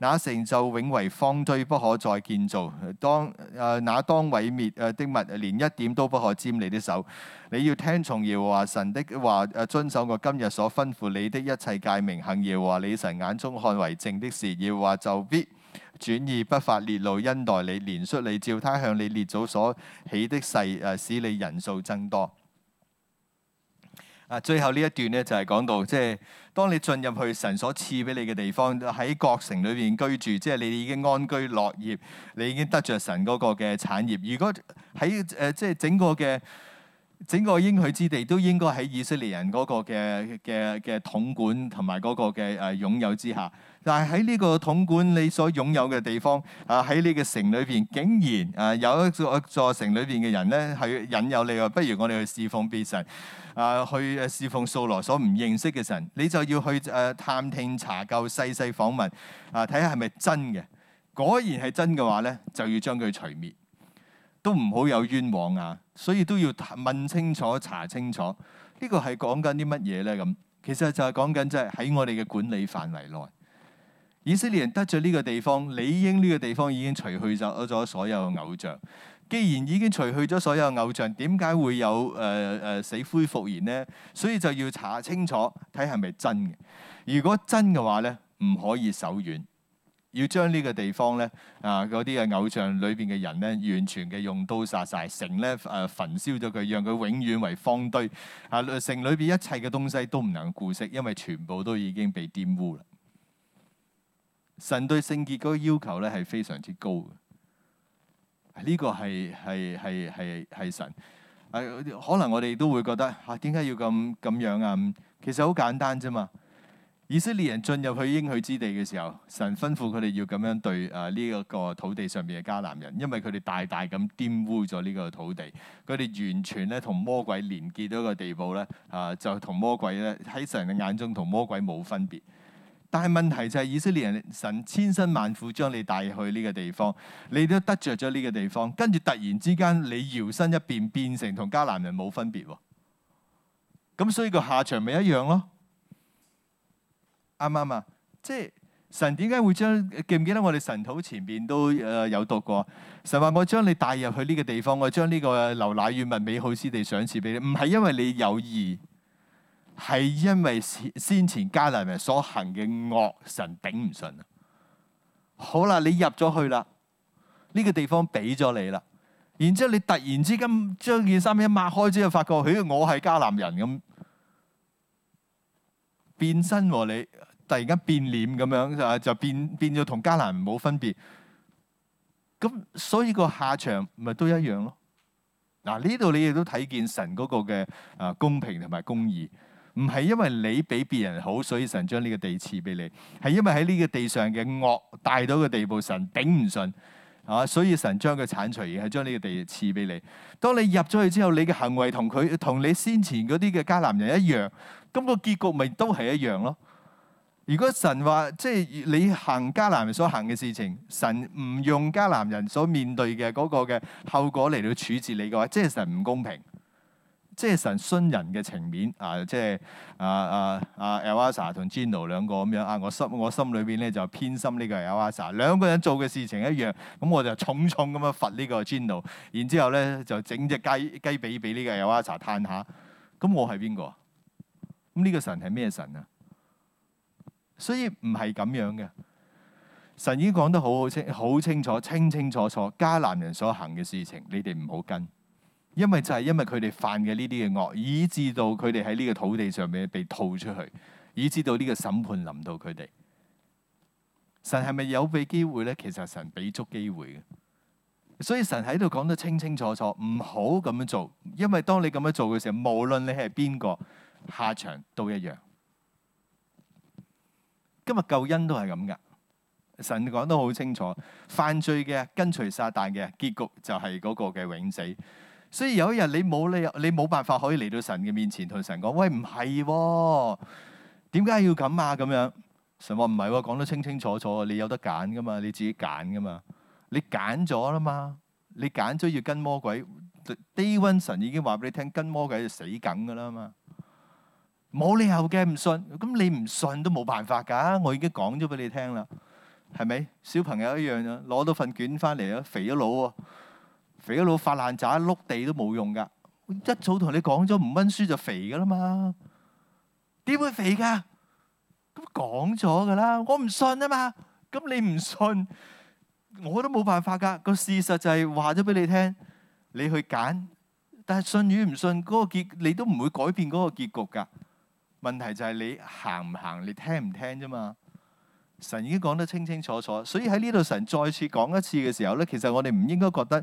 S1: 那城就永為荒堆，不可再建造。當那、呃、當毀滅的物，連一點都不可沾你的手。你要聽從耶和華神的話，遵守我今日所吩咐你的一切誡命，行耶和華你神眼中看為正的事。耶和華就必。轉移不發烈怒，因待你憐恤你，照他向你列祖所起的誓，誒使你人數增多。啊，最後呢一段呢，就係、是、講到，即、就、係、是、當你進入去神所賜俾你嘅地方，喺各城裏邊居住，即、就、係、是、你已經安居樂業，你已經得着神嗰個嘅產業。如果喺誒即係整個嘅。整個應許之地都應該喺以色列人嗰個嘅嘅嘅統管同埋嗰個嘅誒擁有之下，但係喺呢個統管你所擁有嘅地方，啊喺你嘅城裏邊，竟然啊有一座座城裏邊嘅人咧，係引誘你話，不如我哋去侍奉別神，啊去誒侍奉素來所唔認識嘅神，你就要去誒探聽查究細細訪問，啊睇下係咪真嘅，果然係真嘅話咧，就要將佢除滅。都唔好有冤枉啊！所以都要問清楚、查清楚。這個、呢個係講緊啲乜嘢咧？咁其實就係講緊即係喺我哋嘅管理範圍內，以色列人得著呢個地方，理應呢個地方已經除去咗咗所有偶像。既然已經除去咗所有偶像，點解會有誒誒、呃呃、死灰復燃呢？所以就要查清楚，睇係咪真嘅。如果真嘅話咧，唔可以手軟。要將呢個地方咧啊，嗰啲嘅偶像裏邊嘅人咧，完全嘅用刀殺晒，城咧，誒焚燒咗佢，讓佢永遠為荒堆啊！城裏邊一切嘅東西都唔能顧惜，因為全部都已經被玷污啦。神對聖潔嗰個要求咧係非常之高嘅，呢、這個係係係係係神誒、啊，可能我哋都會覺得嚇點解要咁咁樣，樣啊？其實好簡單啫嘛。以色列人進入去應許之地嘅時候，神吩咐佢哋要咁樣對誒呢一個土地上邊嘅迦南人，因為佢哋大大咁玷污咗呢個土地，佢哋完全咧同魔鬼連結到一個地步咧，啊、呃、就同魔鬼咧喺神嘅眼中同魔鬼冇分別。但係問題就係、是、以色列人，神千辛萬苦將你帶去呢個地方，你都得着咗呢個地方，跟住突然之間你搖身一變變成同迦南人冇分別喎，咁所以個下場咪一樣咯？啱唔啱啊？即係神點解會將記唔記得我哋神土前邊都誒有讀過神話？我將你帶入去呢個地方，我將呢個流奶與蜜美好之地賞賜俾你，唔係因為你有義，係因為先前迦南人所行嘅惡神頂唔順。好啦，你入咗去啦，呢、這個地方俾咗你啦，然之後你突然之間將件衫一抹開之後，發覺咦、哎、我係迦南人咁。變身喎你，突然間變臉咁樣，就就變變咗同迦南冇分別。咁所以個下場咪都一樣咯。嗱，呢度你亦都睇見神嗰個嘅啊公平同埋公義，唔係因為你比別人好，所以神將呢個地賜俾你，係因為喺呢個地上嘅惡大到個地步，神頂唔順啊，所以神將佢剷除而係將呢個地賜俾你。當你入咗去之後，你嘅行為同佢同你先前嗰啲嘅迦南人一樣。咁個結局咪都係一樣咯。如果神話即係你行迦南人所行嘅事情，神唔用迦南人所面對嘅嗰個嘅後果嚟到處置你嘅話，即係神唔公平，即係神徇人嘅情面啊！即係啊啊啊 Elisa 同 Gino 兩個咁樣啊，我心我心裏邊咧就偏心呢個 Elisa，兩個人做嘅事情一樣，咁我就重重咁樣罰呢個 Gino，然之後咧就整隻雞雞髀俾呢個 Elisa 嘆、啊、下。咁我係邊個？咁呢個神係咩神啊？所以唔係咁樣嘅。神已經講得好好清好清楚清清楚楚。迦南人所行嘅事情，你哋唔好跟，因為就係因為佢哋犯嘅呢啲嘅惡，以致到佢哋喺呢個土地上面被吐出去，以致到呢個審判臨到佢哋。神係咪有俾機會呢？其實神俾足機會嘅，所以神喺度講得清清楚楚，唔好咁樣做，因為當你咁樣做嘅時候，無論你係邊個。下場都一樣。今日救恩都係咁噶。神講得好清楚，犯罪嘅跟隨撒旦嘅結局就係嗰個嘅永死。所以有一日你冇理由，你你冇辦法可以嚟到神嘅面前，同神講：喂，唔係喎，點解要咁啊？咁樣神話唔係喎，講得清清楚楚，你有得揀噶嘛？你自己揀噶嘛，嘛？你揀咗啦嘛？你揀咗要跟魔鬼。Day One 神已經話俾你聽，跟魔鬼就死梗噶啦嘛。冇理由嘅，唔信咁你唔信都冇辦法㗎。我已經講咗俾你聽啦，係咪小朋友一樣啊？攞到份卷翻嚟啊，肥咗佬喎，肥咗佬發爛渣，碌地都冇用㗎。一早同你講咗，唔温書就肥㗎啦嘛，點會肥㗎？咁講咗㗎啦，我唔信啊嘛。咁你唔信，我都冇辦法㗎。個事實就係話咗俾你聽，你去揀，但係信與唔信嗰個結，你都唔會改變嗰個結局㗎。問題就係你行唔行，你聽唔聽啫嘛？神已經講得清清楚楚，所以喺呢度神再次講一次嘅時候咧，其實我哋唔應該覺得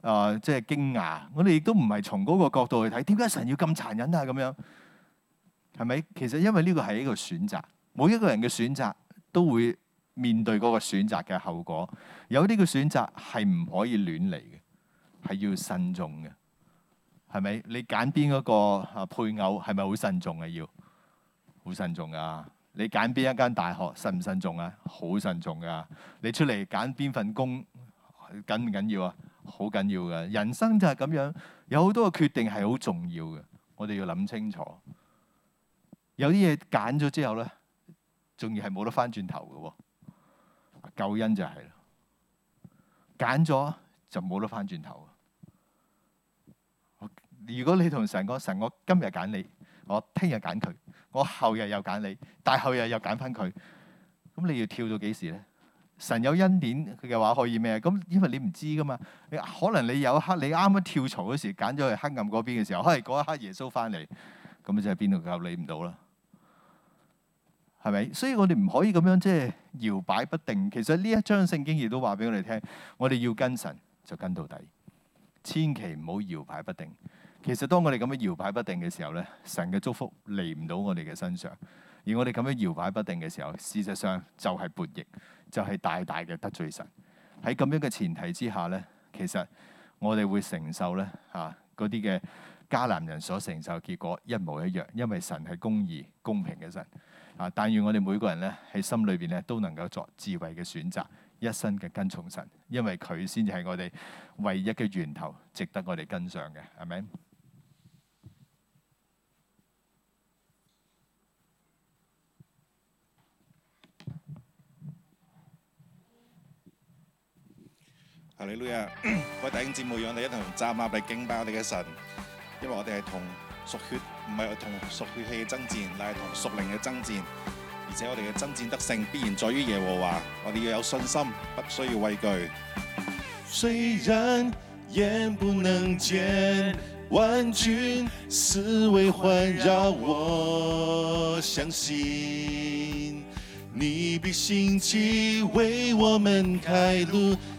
S1: 啊，即係驚訝。我哋亦都唔係從嗰個角度去睇，點解神要咁殘忍啊？咁樣係咪？其實因為呢個係一個選擇，每一個人嘅選擇都會面對嗰個選擇嘅後果。有啲嘅選擇係唔可以亂嚟嘅，係要慎重嘅。係咪？你揀邊個配偶係咪好慎重嘅要？好慎重啊！你揀邊一間大學，慎唔慎重啊？好慎重噶。你出嚟揀邊份工，緊唔緊要啊？好緊要噶。人生就係咁樣，有好多個決定係好重要嘅。我哋要諗清楚。有啲嘢揀咗之後咧，仲要係冇得翻轉頭嘅。救恩就係啦，揀咗就冇得翻轉頭。如果你同神講：神，我今日揀你，我聽日揀佢。我後日又揀你，但後日又揀翻佢，咁你要跳到幾時咧？神有恩典，佢嘅話可以咩？咁因為你唔知噶嘛，你可能你有一刻你啱啱跳槽嗰時揀咗去黑暗嗰邊嘅時候，係，嗰一刻耶穌翻嚟，咁咪即係邊度佢又理唔到啦？係咪？所以我哋唔可以咁樣即係、就是、搖擺不定。其實呢一章聖經亦都話俾我哋聽，我哋要跟神就跟到底，千祈唔好搖擺不定。其實當我哋咁樣搖擺不定嘅時候咧，神嘅祝福嚟唔到我哋嘅身上；而我哋咁樣搖擺不定嘅時候，事實上就係叛逆，就係大大嘅得罪神。喺咁樣嘅前提之下咧，其實我哋會承受咧吓嗰啲嘅迦南人所承受嘅結果一模一樣，因為神係公義公平嘅神。啊，但願我哋每個人咧喺心裏邊咧都能夠作智慧嘅選擇，一生嘅跟從神，因為佢先至係我哋唯一嘅源頭，值得我哋跟上嘅，係咪？
S2: 啊 Hallelujah.，李 啊，各位弟兄姊妹，讓我哋一同站立敬拜我哋嘅神，因為我哋係同屬血，唔係同屬血氣嘅爭戰，乃係同屬靈嘅爭戰。而且我哋嘅爭戰得勝，必然在於耶和華。我哋要有信心，不需要畏懼。
S3: 雖然眼不能見，萬軍思維環繞，我相信你必興起為我們開路。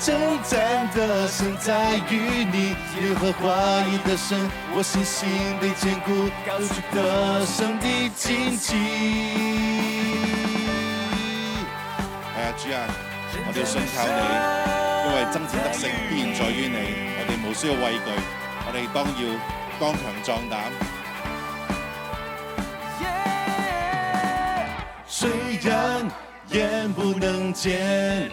S3: 爭戰的勝在於你，任何懷疑的聲，我信心地堅固，高舉的勝利旌旗。
S2: 係啊，主啊，我哋想靠你，因為爭戰得勝必然在於你，我哋無需要畏懼，我哋當要剛強壯膽。Yeah,
S3: yeah. 雖然眼不能見。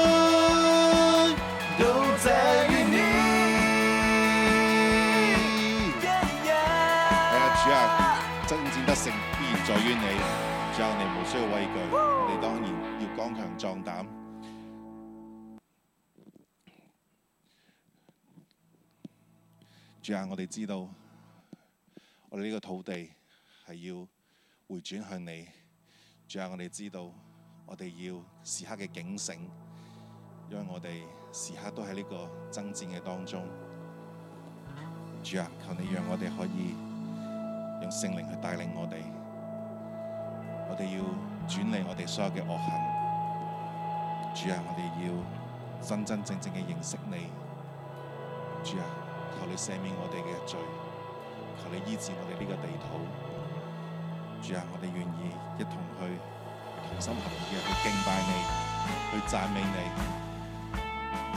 S3: 係啊
S2: Yeah, yeah.，主啊，征戰得勝必然在於你。主啊，你無需要畏懼，你當然要剛強壯膽。主啊，我哋知道我哋呢個土地係要回轉向你。主啊，我哋知道我哋要時刻嘅警醒，因為我哋。時刻都喺呢個爭戰嘅當中，主啊，求你讓我哋可以用聖靈去帶領我哋，我哋要轉離我哋所有嘅惡行，主啊，我哋要真真正正嘅認識你，主啊，求你赦免我哋嘅罪，求你醫治我哋呢個地土，主啊，我哋願意一同去同心合意去敬拜你，去讚美你。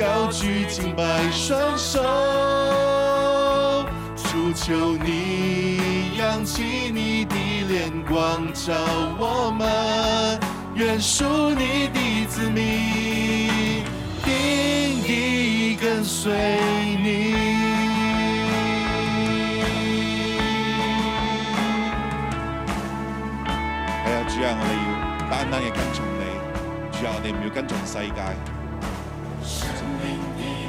S3: 高舉敬拜雙手，求求你揚起你的臉光照我們，願屬你的子民，定意跟隨你。
S2: 係啊、哎，主啊，我哋要單單嘅跟從你。主啊，我哋唔要跟從世界。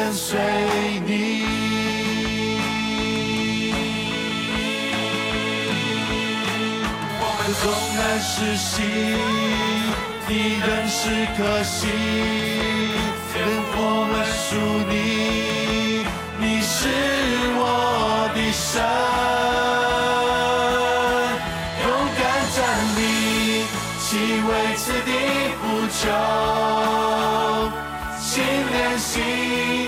S3: 跟隨你，我們縱然失信，你仍是可信。天父，我們屬你，你是我的神，勇敢站立，齊為此地呼求，心連心。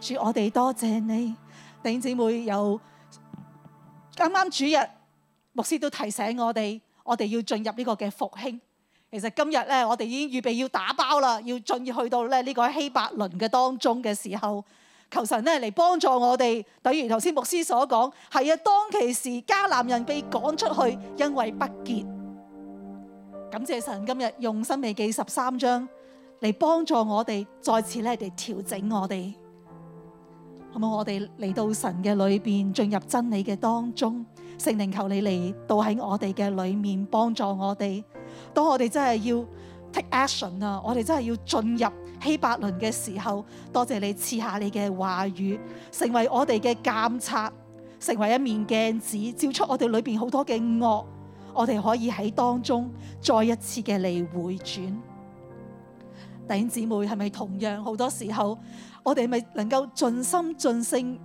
S4: 主，我哋多謝，謝你弟姊妹。有啱啱主日牧師都提醒我哋，我哋要進入呢個嘅復興。其實今日咧，我哋已經預備要打包啦，要進去到咧呢個希伯倫嘅當中嘅時候，求神呢嚟幫助我哋。例如頭先牧師所講，係啊，當其時迦南人被趕出去，因為不潔。感謝神，今日用申命記十三章嚟幫助我哋，再次咧嚟調整我哋。好，我哋嚟到神嘅裏邊，進入真理嘅當中，聖靈求你嚟到喺我哋嘅裏面幫助我哋。當我哋真係要 take action 啊，我哋真係要進入希伯倫嘅時候，多謝你賜下你嘅話語，成為我哋嘅監察，成為一面鏡子，照出我哋裏邊好多嘅惡，我哋可以喺當中再一次嘅嚟回轉。弟兄姊妹係咪同樣好多時候？我哋咪能夠盡心盡性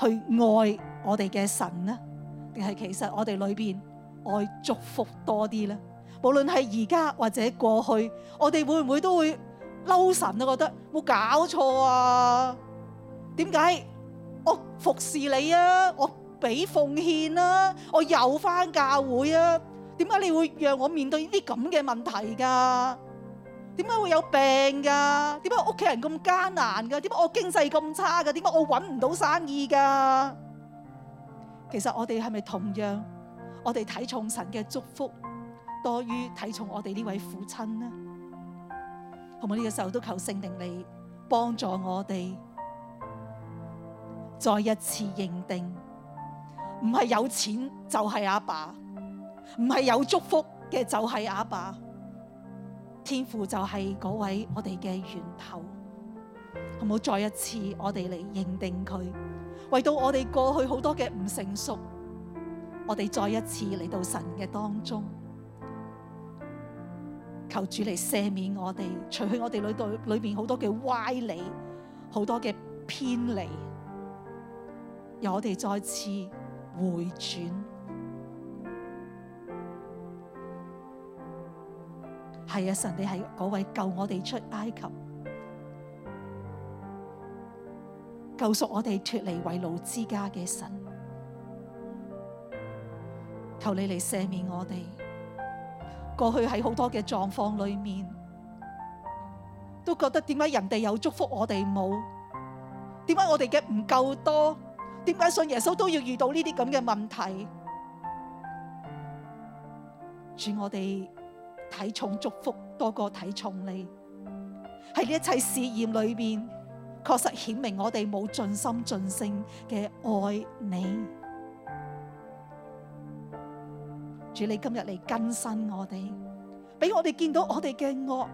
S4: 去愛我哋嘅神呢？定係其實我哋裏邊愛祝福多啲呢？無論係而家或者過去，我哋會唔會都會嬲神啊？覺得冇搞錯啊？點解我服侍你啊？我俾奉獻啊，我有翻教會啊？點解你會讓我面對呢啲咁嘅問題噶啊？點解會有病噶？點解屋企人咁艱難噶？點解我經濟咁差噶？點解我搵唔到生意噶？其實我哋係咪同樣，我哋睇重神嘅祝福多於睇重我哋呢位父親呢？好唔好？呢個時候都求聖靈嚟幫助我哋，再一次認定，唔係有錢就係阿爸，唔係有祝福嘅就係阿爸。天父就係嗰位我哋嘅源頭，好唔好，再一次我哋嚟認定佢，為到我哋過去好多嘅唔成熟，我哋再一次嚟到神嘅當中，求主嚟赦免我哋，除去我哋裏度裏邊好多嘅歪理，好多嘅偏離，由我哋再次回轉。係啊，神你係嗰位救我哋出埃及，救贖我哋脱離為奴之家嘅神，求你嚟赦免我哋。過去喺好多嘅狀況裏面，都覺得點解人哋有祝福我哋冇？點解我哋嘅唔夠多？點解信耶穌都要遇到呢啲咁嘅問題？主，我哋。睇重祝福多過睇重你，喺一切試驗裏邊，確實顯明我哋冇盡心盡性嘅愛你。主，你今日嚟更新我哋，俾我哋見到我哋嘅惡，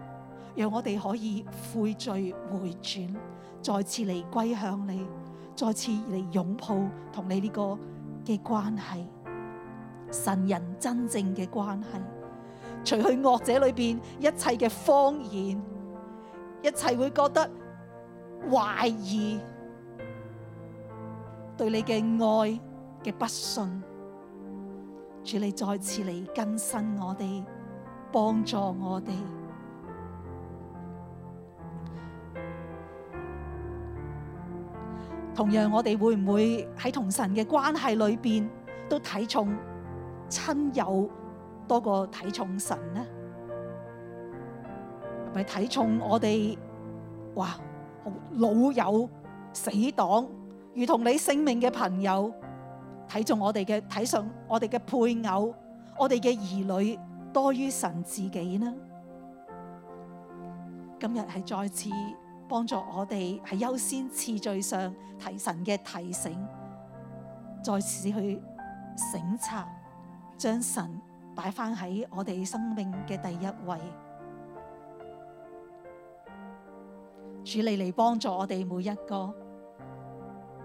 S4: 讓我哋可以悔罪回轉，再次嚟歸向你，再次嚟擁抱同你呢個嘅關係，神人真正嘅關係。除去惡者裏邊一切嘅謊言，一切會覺得懷疑，對你嘅愛嘅不信，主你再次嚟更新我哋，幫助我哋。同樣，我哋會唔會喺同神嘅關係裏邊都睇重親友？多過睇重神呢，係咪睇重我哋哇老友死黨，如同你性命嘅朋友，睇重我哋嘅睇上我哋嘅配偶，我哋嘅兒女多於神自己呢？今日係再次幫助我哋喺優先次序上提神嘅提醒，再次去省察將神。擺翻喺我哋生命嘅第一位，主你嚟幫助我哋每一個，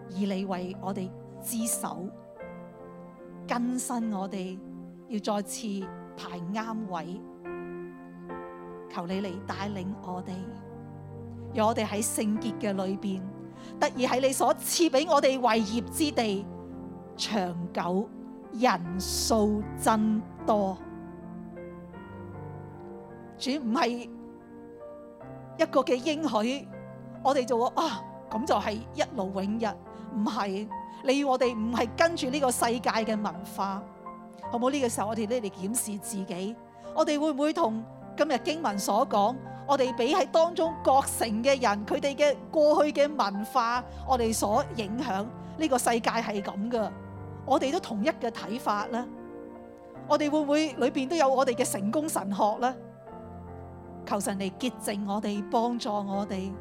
S4: 以你為我哋之首，更新我哋，要再次排啱位，求你嚟帶領我哋，讓我哋喺聖潔嘅裏邊，得以喺你所賜俾我哋為業之地長久人數真。多，主唔係一個嘅應許，我哋就話啊，咁就係一勞永逸。唔係你要我哋唔係跟住呢個世界嘅文化，好唔好？呢個時候我哋呢嚟檢視自己，我哋會唔會同今日經文所講，我哋畀喺當中各城嘅人佢哋嘅過去嘅文化，我哋所影響呢個世界係咁噶？我哋都同一嘅睇法啦。我哋會唔會裏邊都有我哋嘅成功神學咧？求神嚟潔淨我哋，幫助我哋。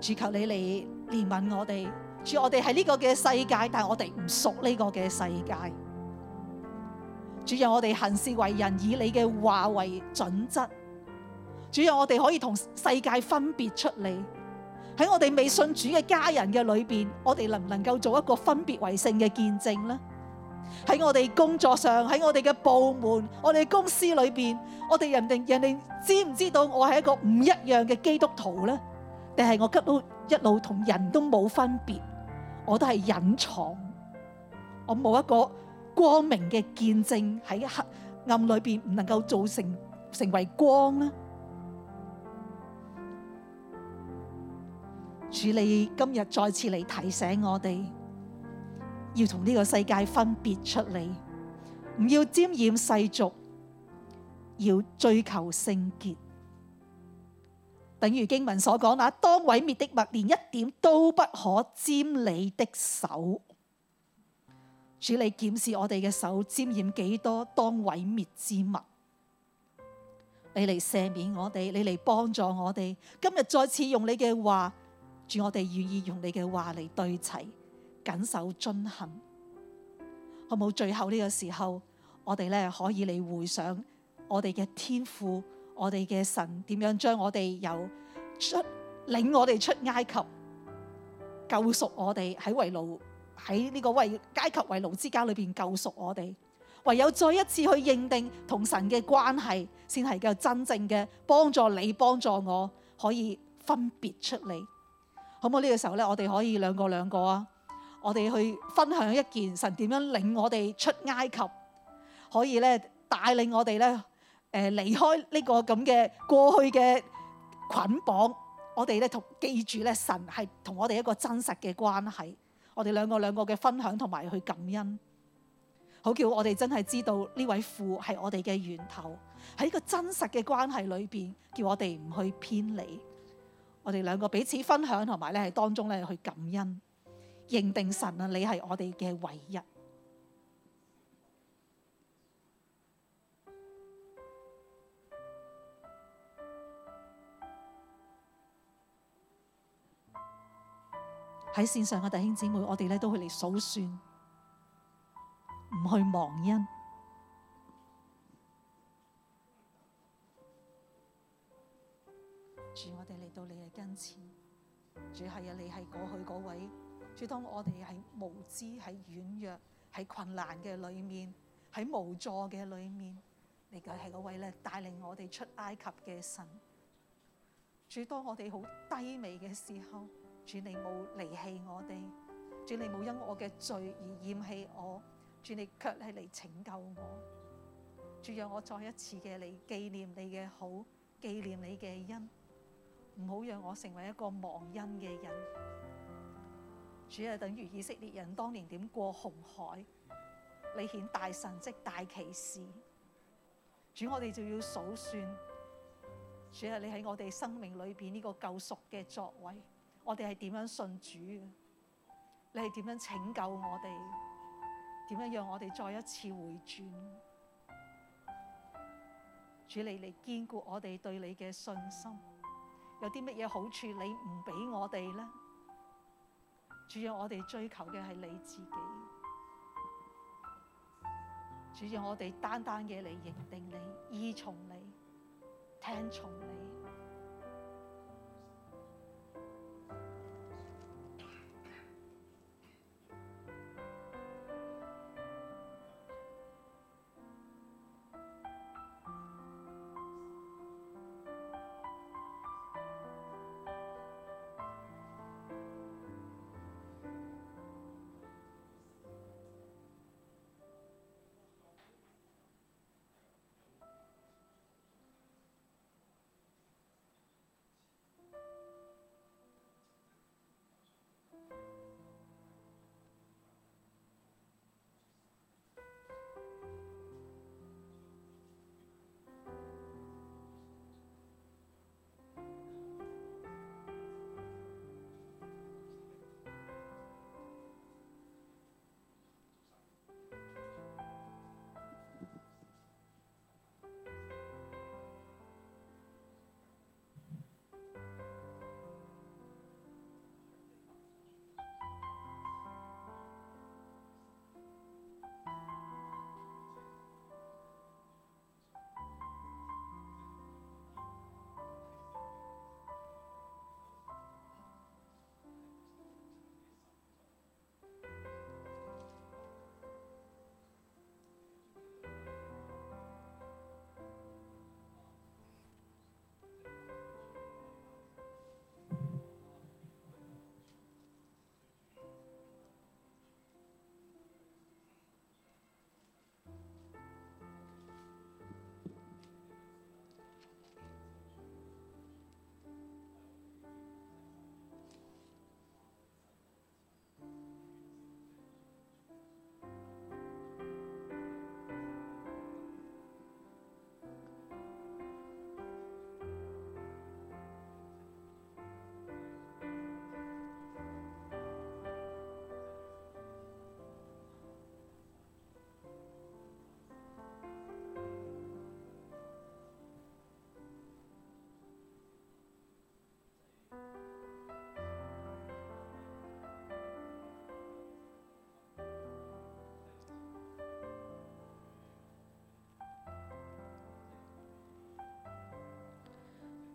S4: 主求你嚟憐憫我哋，主要我哋係呢個嘅世界，但係我哋唔屬呢個嘅世界。主讓我哋行事為人以你嘅話為準則。主讓我哋可以同世界分別出嚟。喺我哋未信主嘅家人嘅裏邊，我哋能唔能夠做一個分別為聖嘅見證呢？喺我哋工作上，喺我哋嘅部門、我哋公司裏邊，我哋人哋人哋知唔知道我係一個唔一樣嘅基督徒呢？定係我急到一路同人都冇分別，我都係隱藏，我冇一個光明嘅見證喺黑暗裏邊，唔能夠造成成為光呢？主，你今日再次嚟提醒我哋，要同呢個世界分別出嚟，唔要沾染世俗，要追求聖潔。等於經文所講啦，當毀滅的物連一點都不可沾你的手。主，你檢視我哋嘅手沾染幾多當毀滅之物？你嚟赦免我哋，你嚟幫助我哋。今日再次用你嘅話。住，我哋願意用你嘅話嚟對齊，謹守遵行，好冇？最後呢個時候，我哋咧可以嚟回想我哋嘅天父，我哋嘅神點樣將我哋由出領我哋出埃及，救贖我哋喺為奴喺呢個為埃及為奴之家裏邊救贖我哋。唯有再一次去認定同神嘅關係，先係夠真正嘅幫助你。你幫助我，可以分別出你。好冇？呢個時候咧，我哋可以兩個兩個啊，我哋去分享一件神點樣領我哋出埃及，可以咧帶領我哋咧誒，離開呢個咁嘅過去嘅捆綁，我哋咧同記住咧神係同我哋一個真實嘅關係，我哋兩個兩個嘅分享同埋去感恩好，好叫我哋真係知道呢位父係我哋嘅源頭，喺個真實嘅關係裏邊，叫我哋唔去偏離。我哋兩個彼此分享，同埋咧當中去感恩，認定神你係我哋嘅唯一。喺線上嘅弟兄姊妹，我哋都會嚟數算，唔去忘恩。因此，主係啊，你係過去嗰位。主當我哋係無知、係軟弱、喺困難嘅裏面，喺無助嘅裏面，你就係嗰位咧帶領我哋出埃及嘅神。主當我哋好低微嘅時候，主你冇離棄我哋，主你冇因我嘅罪而厭棄我，主你卻係嚟拯救我。主讓我再一次嘅嚟紀念你嘅好，紀念你嘅恩。唔好讓我成為一個忘恩嘅人。主係等於以色列人當年點過紅海，你顯大神蹟大奇事。主，我哋就要數算。主係你喺我哋生命裏邊呢個救贖嘅作為，我哋係點樣信主嘅？你係點樣拯救我哋？點樣讓我哋再一次回轉？主，你嚟堅固我哋對你嘅信心。有啲乜嘢好處，你唔俾我哋咧？主要我哋追求嘅係你自己。主要我哋單單嘅嚟認定你，依從你，聽從你。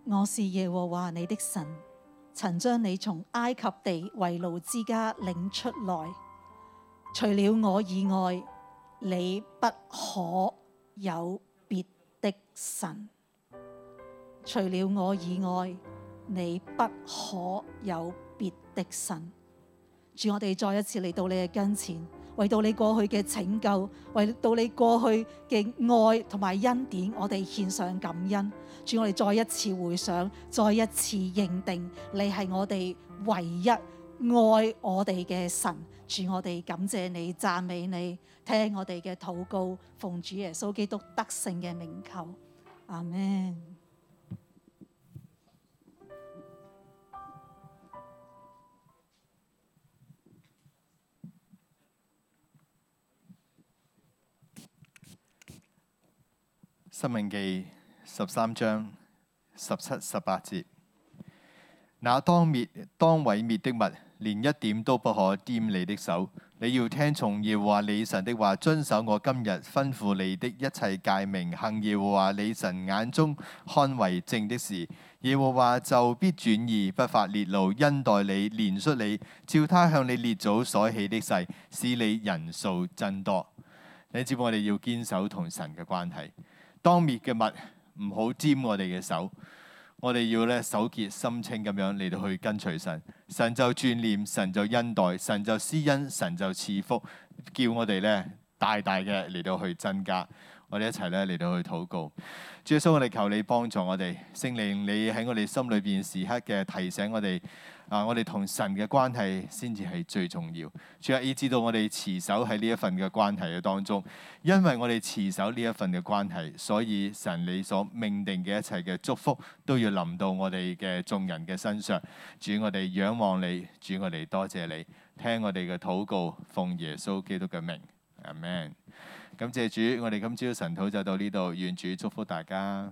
S4: 我是耶和華你的神，曾將你從埃及地為奴之家領出來。除了我以外，你不可有別的神。除了我以外，你不可有別的神。主，我哋再一次嚟到你嘅跟前。為到你過去嘅拯救，為到你過去嘅愛同埋恩典，我哋獻上感恩。主，我哋再一次回想，再一次認定你係我哋唯一愛我哋嘅神。主，我哋感謝你，贊美你，聽我哋嘅禱告，奉主耶穌基督得勝嘅名求，阿門。
S1: 《申命記》十三章十七、十八節：那當滅、當毀滅的物，連一點都不可掂你的手。你要聽從耶和華你神的話，遵守我今日吩咐你的一切誡命，行耶和華你神眼中看為正的事。耶和華就必轉意，不發烈怒，恩待你，憐恤你，照他向你列祖所起的誓，使你人數增多。你知我哋要堅守同神嘅關係。當滅嘅物唔好沾我哋嘅手，我哋要咧手潔心清咁樣嚟到去跟隨神。神就眷念，神就恩待，神就施恩，神就賜福，叫我哋咧大大嘅嚟到去增加。我哋一齊咧嚟到去禱告。主耶穌，我哋求你幫助我哋，聖靈你喺我哋心裏邊時刻嘅提醒我哋。啊！我哋同神嘅關係先至係最重要。主阿，要知道我哋持守喺呢一份嘅關係嘅當中，因為我哋持守呢一份嘅關係，所以神你所命定嘅一切嘅祝福都要臨到我哋嘅眾人嘅身上。主，我哋仰望你，主，我哋多謝，謝你，聽我哋嘅禱告，奉耶穌基督嘅名，阿門。感謝主，我哋今朝神禱就到呢度，願主祝福大家。